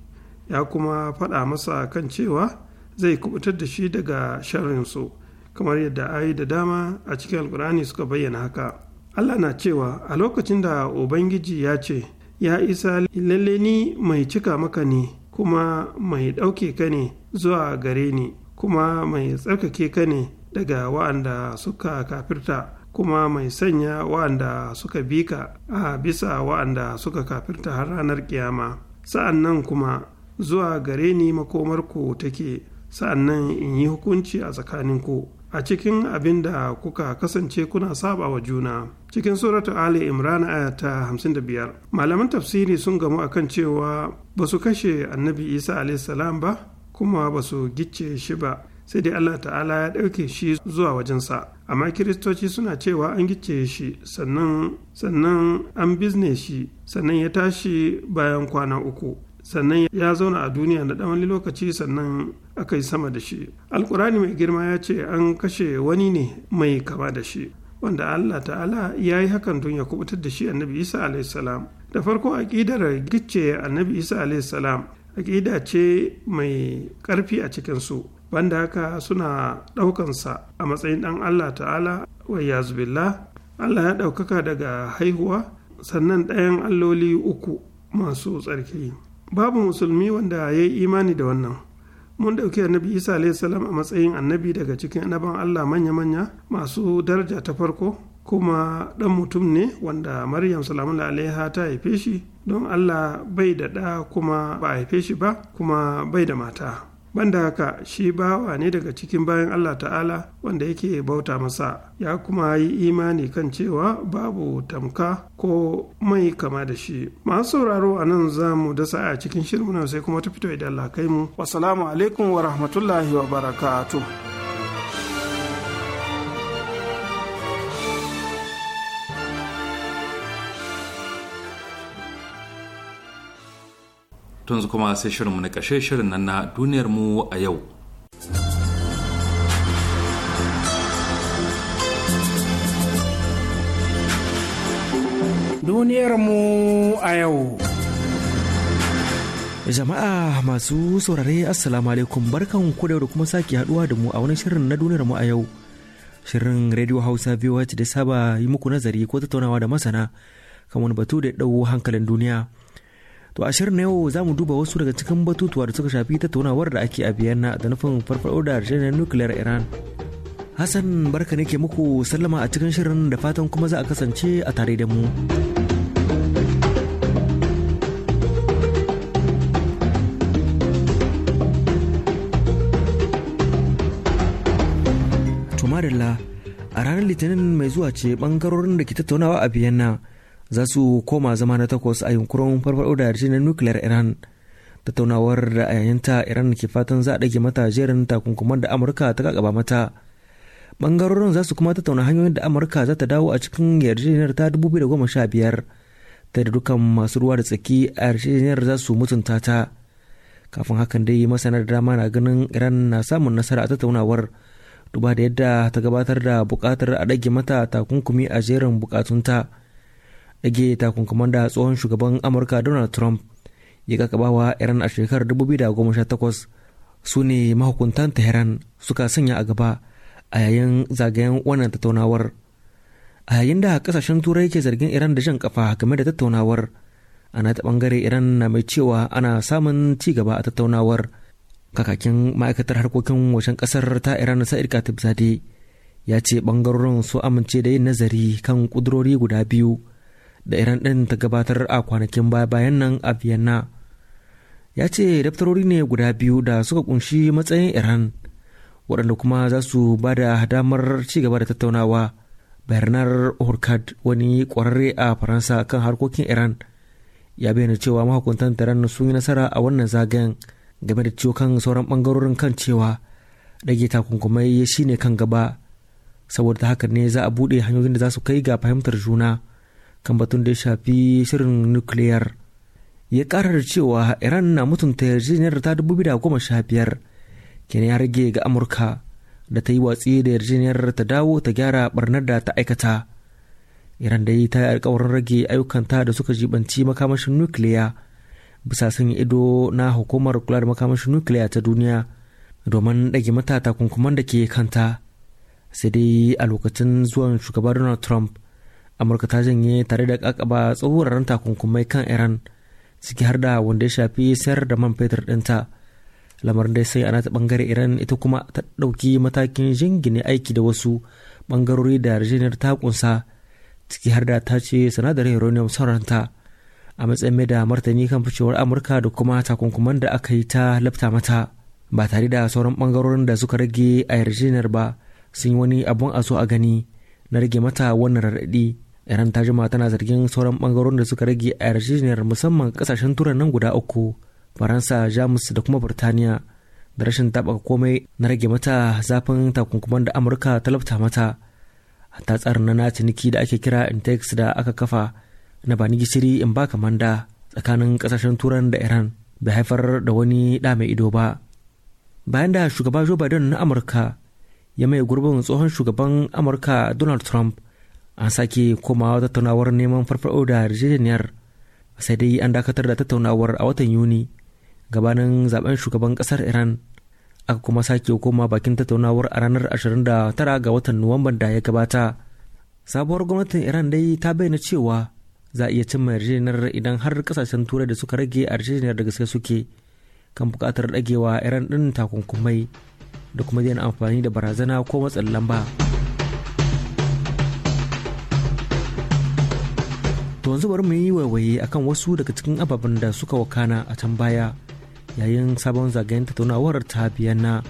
S9: ya kuma faɗa masa kan cewa zai kubutar da shi daga sharrinsu kamar yadda ayi da dama a cikin alkur'ani suka bayyana haka allah na cewa a lokacin da ubangiji ya ce ya isa lalle ni mai cika maka ne kuma mai ɗauke ka ne zuwa gare ni kuma mai tsarkake ka ne daga wa'anda suka kafirta kuma mai sanya wa'anda suka bi ka a bisa wa'anda suka kafirta har ranar kiyama sa'an nan kuma zuwa gare ni makomarku take sa'an nan in yi hukunci a tsakaninku a cikin abin da kuka kasance kuna saba wa juna cikin suratu ali imran aya ta biyar. malaman tafsiri sun gamu akan cewa ba su kashe annabi isa salam ba kuma ba su gicce shi ba sai dai allah ta'ala ya ɗauke shi zuwa wajensa amma kiristoci suna cewa an gice shi sannan sannan an bizne shi sannan ya tashi bayan kwana uku sannan ya zauna a duniya na ɗan lokaci sannan aka yi sama da shi alkurani mai girma ya ce an kashe wani ne mai kama da shi wanda allah ta'ala ya yi hakan don ya kubutar da shi annabi isa alaihissalam da farko aƙidar gicce annabi isa alaihissalam aƙida ce mai ƙarfi a cikinsu banda haka suna ɗaukansa a matsayin ɗan allah ta'ala wa yazubillah allah ya ɗaukaka daga haihuwa sannan ɗayan alloli uku masu tsarki babu musulmi wanda ya yi imani da wannan mun ɗauki annabi isa salam a matsayin annabi daga cikin annaban allah manya-manya masu daraja ta farko kuma ɗan mutum ne wanda maryam salamun alaiha ta haife shi don allah bai da ɗa kuma ba haife shi ba kuma bai da mata banda haka shi bawa ne daga cikin bayan Allah ta'ala wanda yake bauta masa ya kuma yi imani kan cewa babu tamka ko mai kama da shi masu sauraro a nan za mu dasa a cikin shirmu na sai kuma ta fito idan Allah kai mu wasalamu alaikum wa rahmatullahi wa barakatuh
S1: tun su kuma sai shirinmu na kashe shirin nan na duniyar mu a yau
S7: duniyar
S3: mu a yau jama'a masu saurare assalamu alaikum barkan ku da kuma sake haduwa da mu a wani shirin na duniyar mu a yau shirin radio hausa biyu da saba yi muku nazari ko tattaunawa da masana kan wani batu da ya hankalin duniya To a shirin na yau za mu duba wasu daga cikin batutuwa da suka shafi tattaunawar da ake a Vienna da nufin farfaɗo da harshen nukiliyar Iran. Hassan barka ne ke muku sallama a cikin shirin da fatan kuma za a kasance a tare da mu. a ranar Litinin mai zuwa ce bangarorin da ke tattaunawa a biyanna. za su koma zama na takwas a yunkurin farfado da yarjejeniyar nukiliyar iran tattaunawar da a ta iran ke fatan za a ɗage mata jerin takunkuman da amurka ta kakaba mata bangarorin za su kuma tattauna hanyoyin da amurka za ta dawo a cikin yarjejeniyar ta 2015 ta da dukkan masu ruwa da tsaki a yarjejeniyar za su mutunta ta kafin hakan dai masana da dama na ganin iran na samun nasara a tattaunawar duba da yadda ta gabatar da bukatar a ɗage mata takunkumi a jerin bukatunta ke takunkuman da tsohon shugaban amurka donald trump ya kakabawa iran a shekarar 2018 su ne mahukuntan tehran suka sanya a gaba a yayin zagayen wannan tattaunawar a yayin da kasashen turai ke zargin iran da jan kafa game da tattaunawar ana ta bangare iran na mai cewa ana samun ci gaba a tattaunawar kakakin ma'aikatar harkokin wajen kasar ta iran sa'id katib zade ya ce bangarorin su amince da yin nazari kan kudurori guda biyu da iran ɗin ta gabatar a kwanakin baya-bayan nan a vienna ya ce daftarori ne guda biyu da suka kunshi matsayin iran waɗanda kuma za su ba da damar gaba da tattaunawa bernard horkad wani ƙwararre a faransa kan harkokin iran ya bayyana cewa mahukuntan taron sun yi nasara a wannan zagayen game da ciwo kan sauran ɓangarorin kan cewa rage takunkumai ya shine kan gaba saboda haka ne za a buɗe hanyoyin da za su kai ga fahimtar juna kan batun da ya shafi shirin nukiliyar ya karar cewa iran na mutunta yarjejeniyar ta sha biyar kenan ya rage ga amurka da ta yi watsi da yarjejeniyar ta dawo ta gyara barnar da ta aikata iran da yi ta alkawarin rage ayyukanta da suka jibanci makamashin nukiliya bisa sanya ido na hukumar kula da makamashin nukiliya ta duniya domin ɗage mata takunkuman da ke kanta sai dai a lokacin zuwan shugaba donald trump amurka ta janye tare da kakaba tsohuraren takunkumai kan iran ciki har da wanda ya shafi sayar da man fetur dinta lamarin dai sai ana ta bangare iran ita kuma ta dauki matakin jingine aiki da wasu bangarori da yarjejeniyar ta kunsa ciki har da ta ce sanadarin uranium sauranta a matsayin mai da martani kan ficewar amurka da kuma takunkuman da aka yi ta lafta mata ba tare da sauran bangarorin da suka rage a yarjejeniyar ba sun yi wani abun a a gani na rage mata wannan raɗaɗi iran ta jima tana zargin sauran bangarorin da suka rage a yarjejeniyar musamman kasashen turan nan guda uku faransa jamus da kuma burtaniya da rashin taɓa komai na rage mata zafin takunkuman da amurka ta lafta mata ta tsarin na ciniki da ake kira intex da aka kafa na bani gishiri in ba kamanda tsakanin kasashen turan da iran bai haifar da wani ɗa mai ido ba bayan da shugaba joe biden na amurka ya mai gurbin tsohon shugaban amurka donald trump an sake komawa tattaunawar neman farfado da yarjejeniyar sai dai an dakatar da tattaunawar a watan yuni gabanin zaben shugaban kasar iran aka kuma sake koma bakin tattaunawar a ranar 29 ga watan nuwamban da ya gabata sabuwar gwamnatin iran dai ta bayyana cewa za a iya cimma yarjejeniyar idan har kasashen turai da suka rage a yarjejeniyar da gaske suke kan bukatar dagewa iran din takunkumai da kuma yin amfani da barazana ko matsin lamba to yanzu bari mu yi waiwaye akan wasu daga cikin ababen da suka wakana a can baya yayin sabon zagayen tattaunawar ta na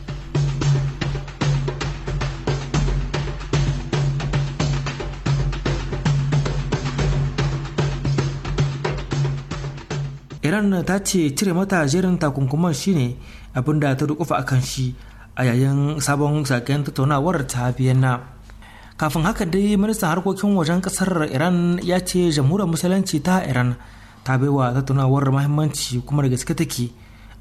S3: iran ta ce cire mata jerin takunkuman shine abinda ta rukufa akan shi a yayin sabon saken tattaunawar ta vienna kafin haka dai ministan harkokin wajen ƙasar iran ya ce jamhuriyar musulunci ta iran ta baiwa tattaunawar mahimmanci kuma da gaske take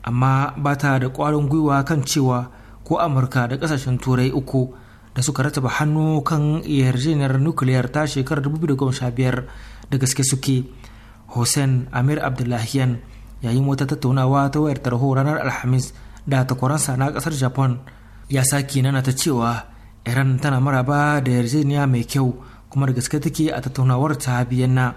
S3: amma ba ta da kwarin gwiwa kan cewa ko amurka da kasashen turai uku da suka rataba hannu kan yarjejeniyar nukiliyar ta shekarar 2015 da gaske suke hussein amir abdullahiyan yayin wata tattaunawa ta wayar tarho ranar alhamis da takwaransa na kasar japan ya sake nana ta cewa iran tana maraba da yarjejeniya mai kyau kuma da gaske take a tattaunawar ta na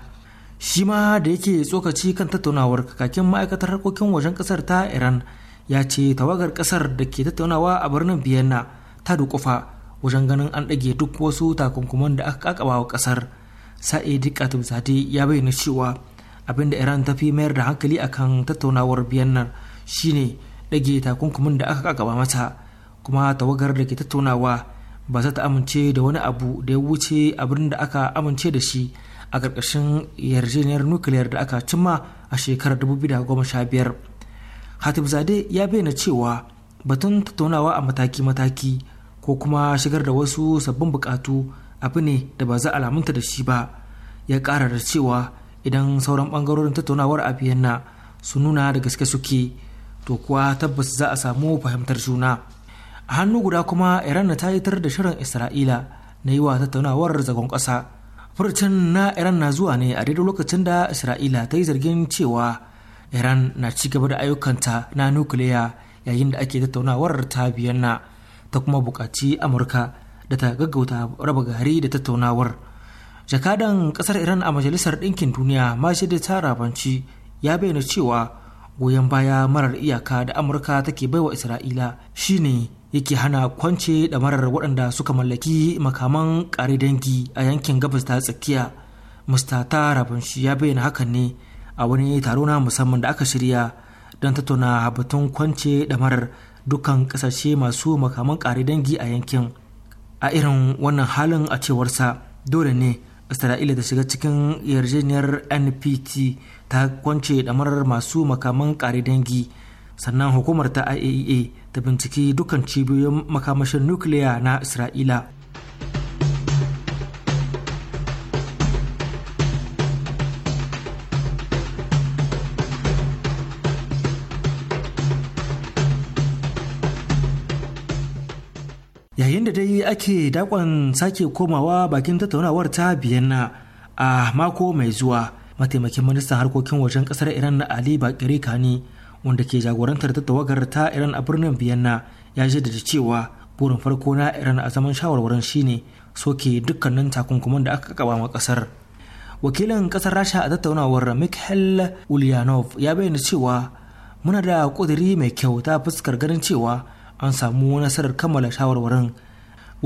S3: shi ma da yake tsokaci kan tattaunawar kakakin ma'aikatar harkokin wajen kasar ta iran ya ce tawagar kasar da ke tattaunawa a birnin biyanna ta dukufa wajen ganin an ɗage duk wasu takunkuman da aka kakaba wa kasar sa'id katibzade ya bayyana cewa abinda iran ta fi mayar da hankali akan tattaunawar biyannar shine rage takunkumin da aka kakaba mata kuma tawagar da ke tattaunawa ba za ta amince da wani abu da ya wuce abin da aka amince da shi a ƙarƙashin yarjejeniyar nukiliyar da aka cimma a shekarar 2015 hatib zade ya bayyana cewa batun tattaunawa a mataki-mataki ko kuma shigar da wasu sabbin bukatu abu ne da ba za a lamunta da shi ba ya ƙara da cewa idan sauran ɓangarorin tattaunawar a biyanna su nuna da gaske suke to kuwa tabbas za a samu fahimtar juna a hannu guda kuma iran ta tar da shirin isra'ila na yi wa tattaunawar zagon ƙasa furcin na iran na zuwa ne a daidai lokacin da isra'ila ta yi zargin cewa iran na ci gaba da ayyukanta na nukiliya yayin da ake tattaunawar ta biyan na. ta kuma buƙaci amurka da ta gaggauta raba gari da tattaunawar jakadan ƙasar iran a majalisar ɗinkin duniya mashidi tarabanci ya bayyana cewa goyon baya marar iyaka da amurka take baiwa isra'ila shine yake hana kwance da marar waɗanda suka mallaki makaman ƙare dangi a yankin gabas ta tsakiya mustata shi ya bayyana hakan ne a wani taro na musamman da aka shirya don tattauna batun kwance da marar dukkan ƙasashe masu makaman ƙare dangi a yankin a irin wannan halin a cewarsa dole ne isra'ila da shiga cikin yarjejeniyar npt ta kwance damarar masu makaman kare dangi sannan hukumar ta iaea e ta binciki dukkan cibiyoyin makamashin nukiliya na isra'ila yayin da dai ake dakon sake komawa bakin tattaunawar ta na a mako mai zuwa mataimakin ministan harkokin wajen kasar iran na ali bakiri kani wanda ke jagorantar tattawagar ta iran a birnin vienna ya jaddada cewa burin farko na iran a zaman shawarwarin shine soke dukkanin takunkuman da aka kaba ma kasar wakilin kasar rasha a tattaunawar mikhail ulyanov ya bayyana cewa muna da kudiri mai kyau ta fuskar ganin cewa an samu nasarar kammala shawarwarin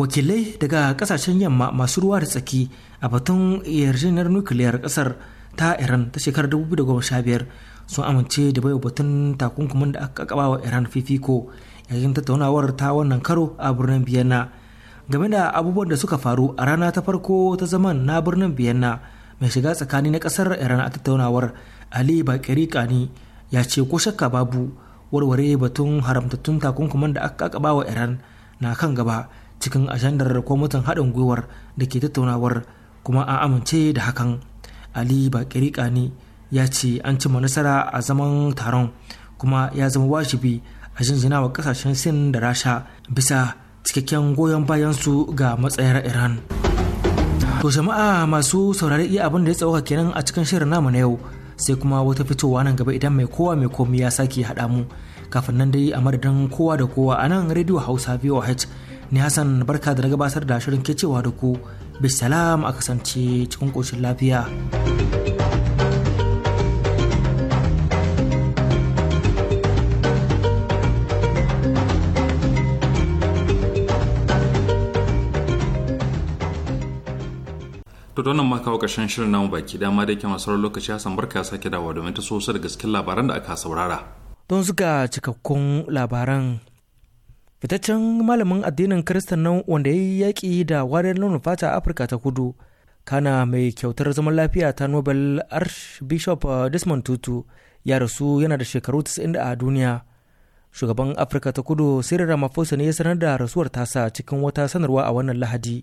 S3: wakilai daga kasashen yamma masu ruwa da tsaki a batun yarjejeniyar nukiliyar kasar ta iran ta shekarar 2015 sun amince da baiwa batun takunkumin da aka kaba wa iran fifiko yayin tattaunawar ta wannan karo a birnin biyanna game da abubuwan da suka faru a rana ta farko ta zaman na birnin biyanna mai shiga tsakani na kasar iran a tattaunawar ali bakiri kani ya ce ko shakka babu warware batun haramtattun takunkumin da aka kaba wa iran na kan gaba cikin ajandar kwamitin haɗin gwiwar da ke tattaunawar kuma an amince da hakan ali bakirika ne ya ce an cimma nasara a zaman taron kuma ya zama wajibi a jinjina wa kasashen sin da rasha bisa cikakken goyon bayansu ga matsayar iran to jama'a masu saurari iya abin da ya tsawo kenan a cikin shirin namu na yau sai kuma wata fitowa nan gaba idan mai kowa mai komi ya sake haɗa mu kafin nan dai a madadin kowa da kowa a nan rediyo hausa voh ne hassan barka da gabatar da shirin ke cewa da ku bisalam a kasance cikin ƙoshin lafiya
S1: to maka ma kawo ƙarshen shirin namu baki dama da yake masu lokaci hasan barka ya sake dawa domin ta so da gaskin labaran da aka saurara
S3: don suka cikakkun labaran fitaccen malamin addinin kristan nan wanda ya yi yaƙi da wariyar launin fata a afirka ta kudu kana mai kyautar zaman lafiya ta nobel archbishop uh, desmond tutu ya rasu yana da shekaru 90 a duniya shugaban afirka ta kudu sirri ramaphosa ne ya sanar da rasuwar tasa cikin wata sanarwa a wannan lahadi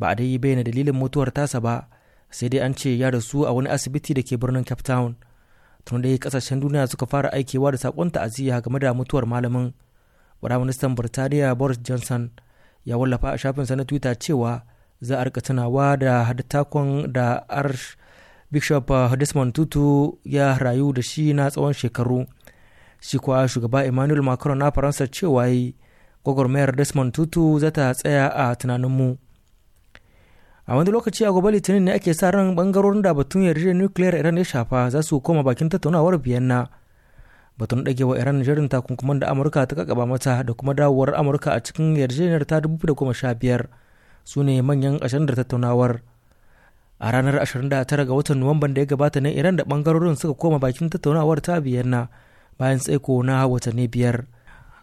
S3: ba a dai bayyana dalilin mutuwar tasa ba sai dai an ce ya rasu a wani asibiti da ke birnin cape town tun dai kasashen duniya suka fara aikewa da saƙon ta'aziyya game da mutuwar malamin Firaministan Birtaniya Boris Johnson ya wallafa a shafinsa na Twitter cewa za a rika tunawa da takon da Archbishop Desmond Tutu ya rayu da shi na tsawon shekaru. Shi kuwa shugaba Emmanuel Macron na Faransa cewa yi gwagwarmayar Desmond Tutu za ta tsaya a tunaninmu. A wani lokaci a gobe Litinin ne ake sa ran bangarorin da batun yarjejeniyar nukiliyar Iran ya shafa za su koma bakin tattaunawar Vienna. batun ɗage wa iran jerin takunkuman da amurka ta kakaba mata da kuma dawowar amurka a cikin yarjejeniyar ta biyar su ne manyan ashirin da tattaunawar a ranar 29 ga watan nuwamban da ya gabata ne iran da bangarorin suka koma bakin tattaunawar ta biyanna bayan tsaiko na watanni biyar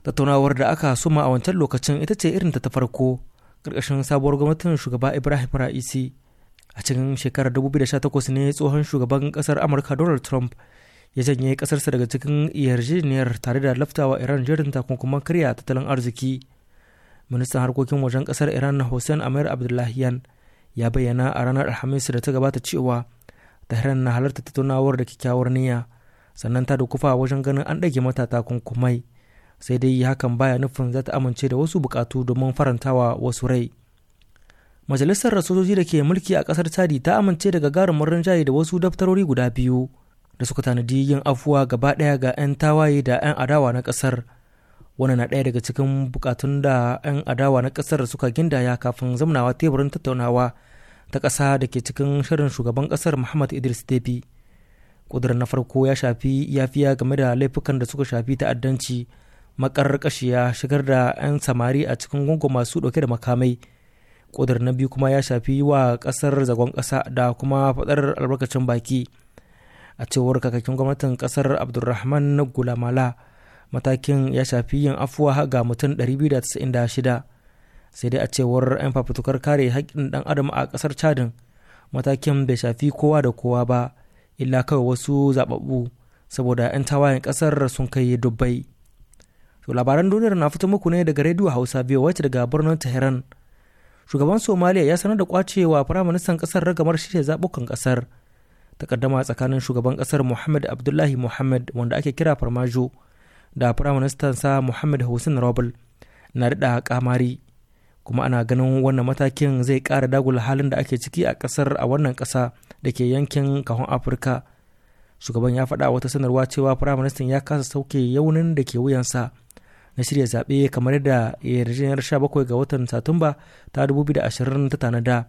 S3: tattaunawar da aka suma a wancan lokacin ita ce irin ta ta farko ƙarƙashin sabuwar gwamnatin shugaba ibrahim ra'isi a cikin shekarar 2018 ne tsohon shugaban kasar amurka donald trump ya janye kasarsa daga cikin yarjejeniyar tare da laftawa iran jerin takunkuman karya tattalin arziki ministan harkokin wajen kasar iran hussein amir abdullahiyan ya bayyana a ranar alhamis da ta gabata cewa tehran na halarta tattaunawar da kyakkyawar niyya sannan ta dukufa wajen ganin an ɗage mata takunkumai sai dai hakan baya nufin za ta amince da wasu bukatu domin farantawa wasu rai majalisar sojoji da ke mulki a kasar chadi ta amince da gagarumin rinjaye da wasu daftarori guda biyu da suka tanadi yin afuwa gaba ɗaya ga 'yan tawaye da 'yan adawa na ƙasar wani na ɗaya daga cikin bukatun da 'yan adawa na ƙasar suka gindaya kafin zamanawa teburin tattaunawa ta ƙasa da ke cikin shirin shugaban ƙasar muhammad idris tefi ƙudurin na farko ya shafi yafiya game da laifukan da suka shafi ta'addanci makar kashiya shigar da 'yan samari a cikin gungun masu ɗauke da makamai ƙudurin na biyu kuma ya shafi wa ƙasar zagon ƙasa da kuma faɗar albarkacin baki a cewar kakakin gwamnatin kasar abdulrahman gulamala matakin ya shafi yin afuwa ga mutum 296 sai dai a cewar 'yan fafutukar kare haƙƙin ɗan adam a kasar chadin matakin bai shafi kowa da kowa ba illa kawai wasu zaɓaɓɓu saboda 'yan tawayen ƙasar sun kai dubbai to labaran duniyar na fito muku ne daga rediyo hausa biyu wacce daga birnin tehran shugaban somaliya ya sanar da kwacewa firaministan ƙasar ragamar shirya zaɓukan ƙasar takaddama tsakanin shugaban kasar muhammad abdullahi muhammad wanda ake kira farmajo da firaministan sa muhammad hussein robel na daɗa kamari kuma ana ganin wannan matakin zai kara dagula halin da ake ciki a kasar a wannan ƙasa da ke yankin kahon afirka shugaban ya faɗa wata sanarwa cewa firaministan ya kasa sauke yaunin da ke wuyansa na shirya zaɓe kamar yadda yarjejeniyar 17 ga watan satumba ta 2020 ta tanada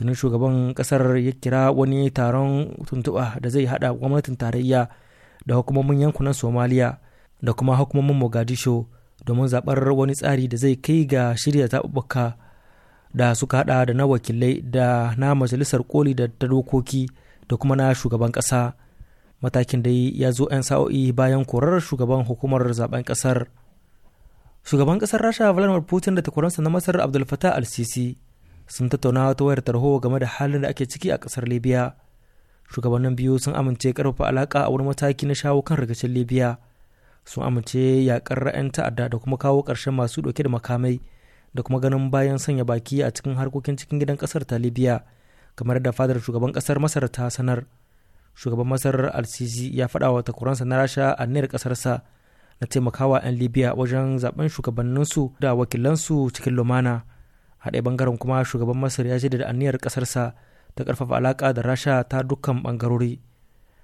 S3: tunan shugaban kasar ya kira wani taron tuntuɓa da zai haɗa gwamnatin tarayya da hukumomin yankunan somaliya da kuma hukumomin mogadisho domin zaɓar wani tsari da zai kai ga shirya zaɓuɓɓuka da suka haɗa da na wakilai da na majalisar koli da ta dokoki da kuma na shugaban ƙasa matakin da ya zo 'yan sa'o'i bayan korar shugaban hukumar zaben ƙasar shugaban ƙasar rasha vladimir putin da takwaransa na masar abdulfatah al-sisi sun tattauna ta wayar tarho game da halin da ake ciki a kasar libya shugabannin biyu sun amince karfafa alaka a wani mataki na shawo kan rikicin libya sun amince yakar 'yan ta'adda da kuma kawo karshen masu ɗauke da makamai da kuma ganin bayan sanya baki a cikin harkokin cikin gidan kasar ta libya kamar da fadar shugaban kasar masar ta sanar shugaban masar al ya faɗa wa takwaransa na rasha a niyar ƙasarsa na taimakawa 'yan libya wajen zaben shugabanninsu da wakilansu cikin lumana haɗe bangaren kuma shugaban masar ya jaddada aniyar ƙasarsa ta ƙarfafa alaƙa da rasha ta dukkan bangarori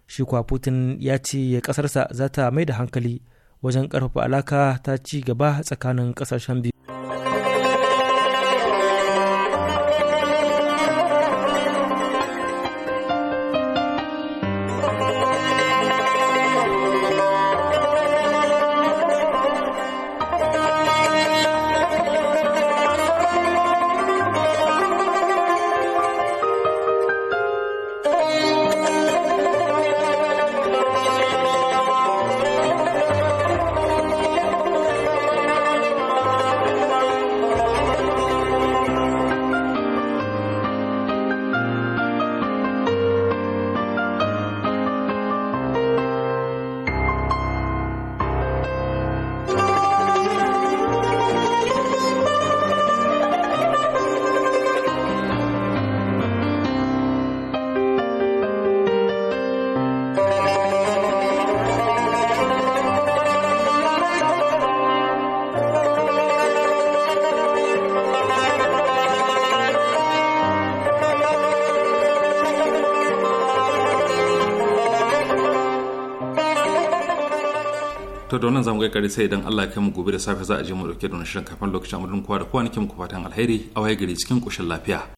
S3: shi kuwa putin ya ce ƙasarsa za ta mai da hankali wajen ƙarfafa alaƙa ta ci gaba tsakanin ƙasashen biyu
S1: to da wannan zamu ga kare sai idan Allah ya kai mu gobe da safe za a je mu dauke da shirin kafin lokacin amurin kowa da kowa nake muku fatan alheri a waye gari cikin koshin lafiya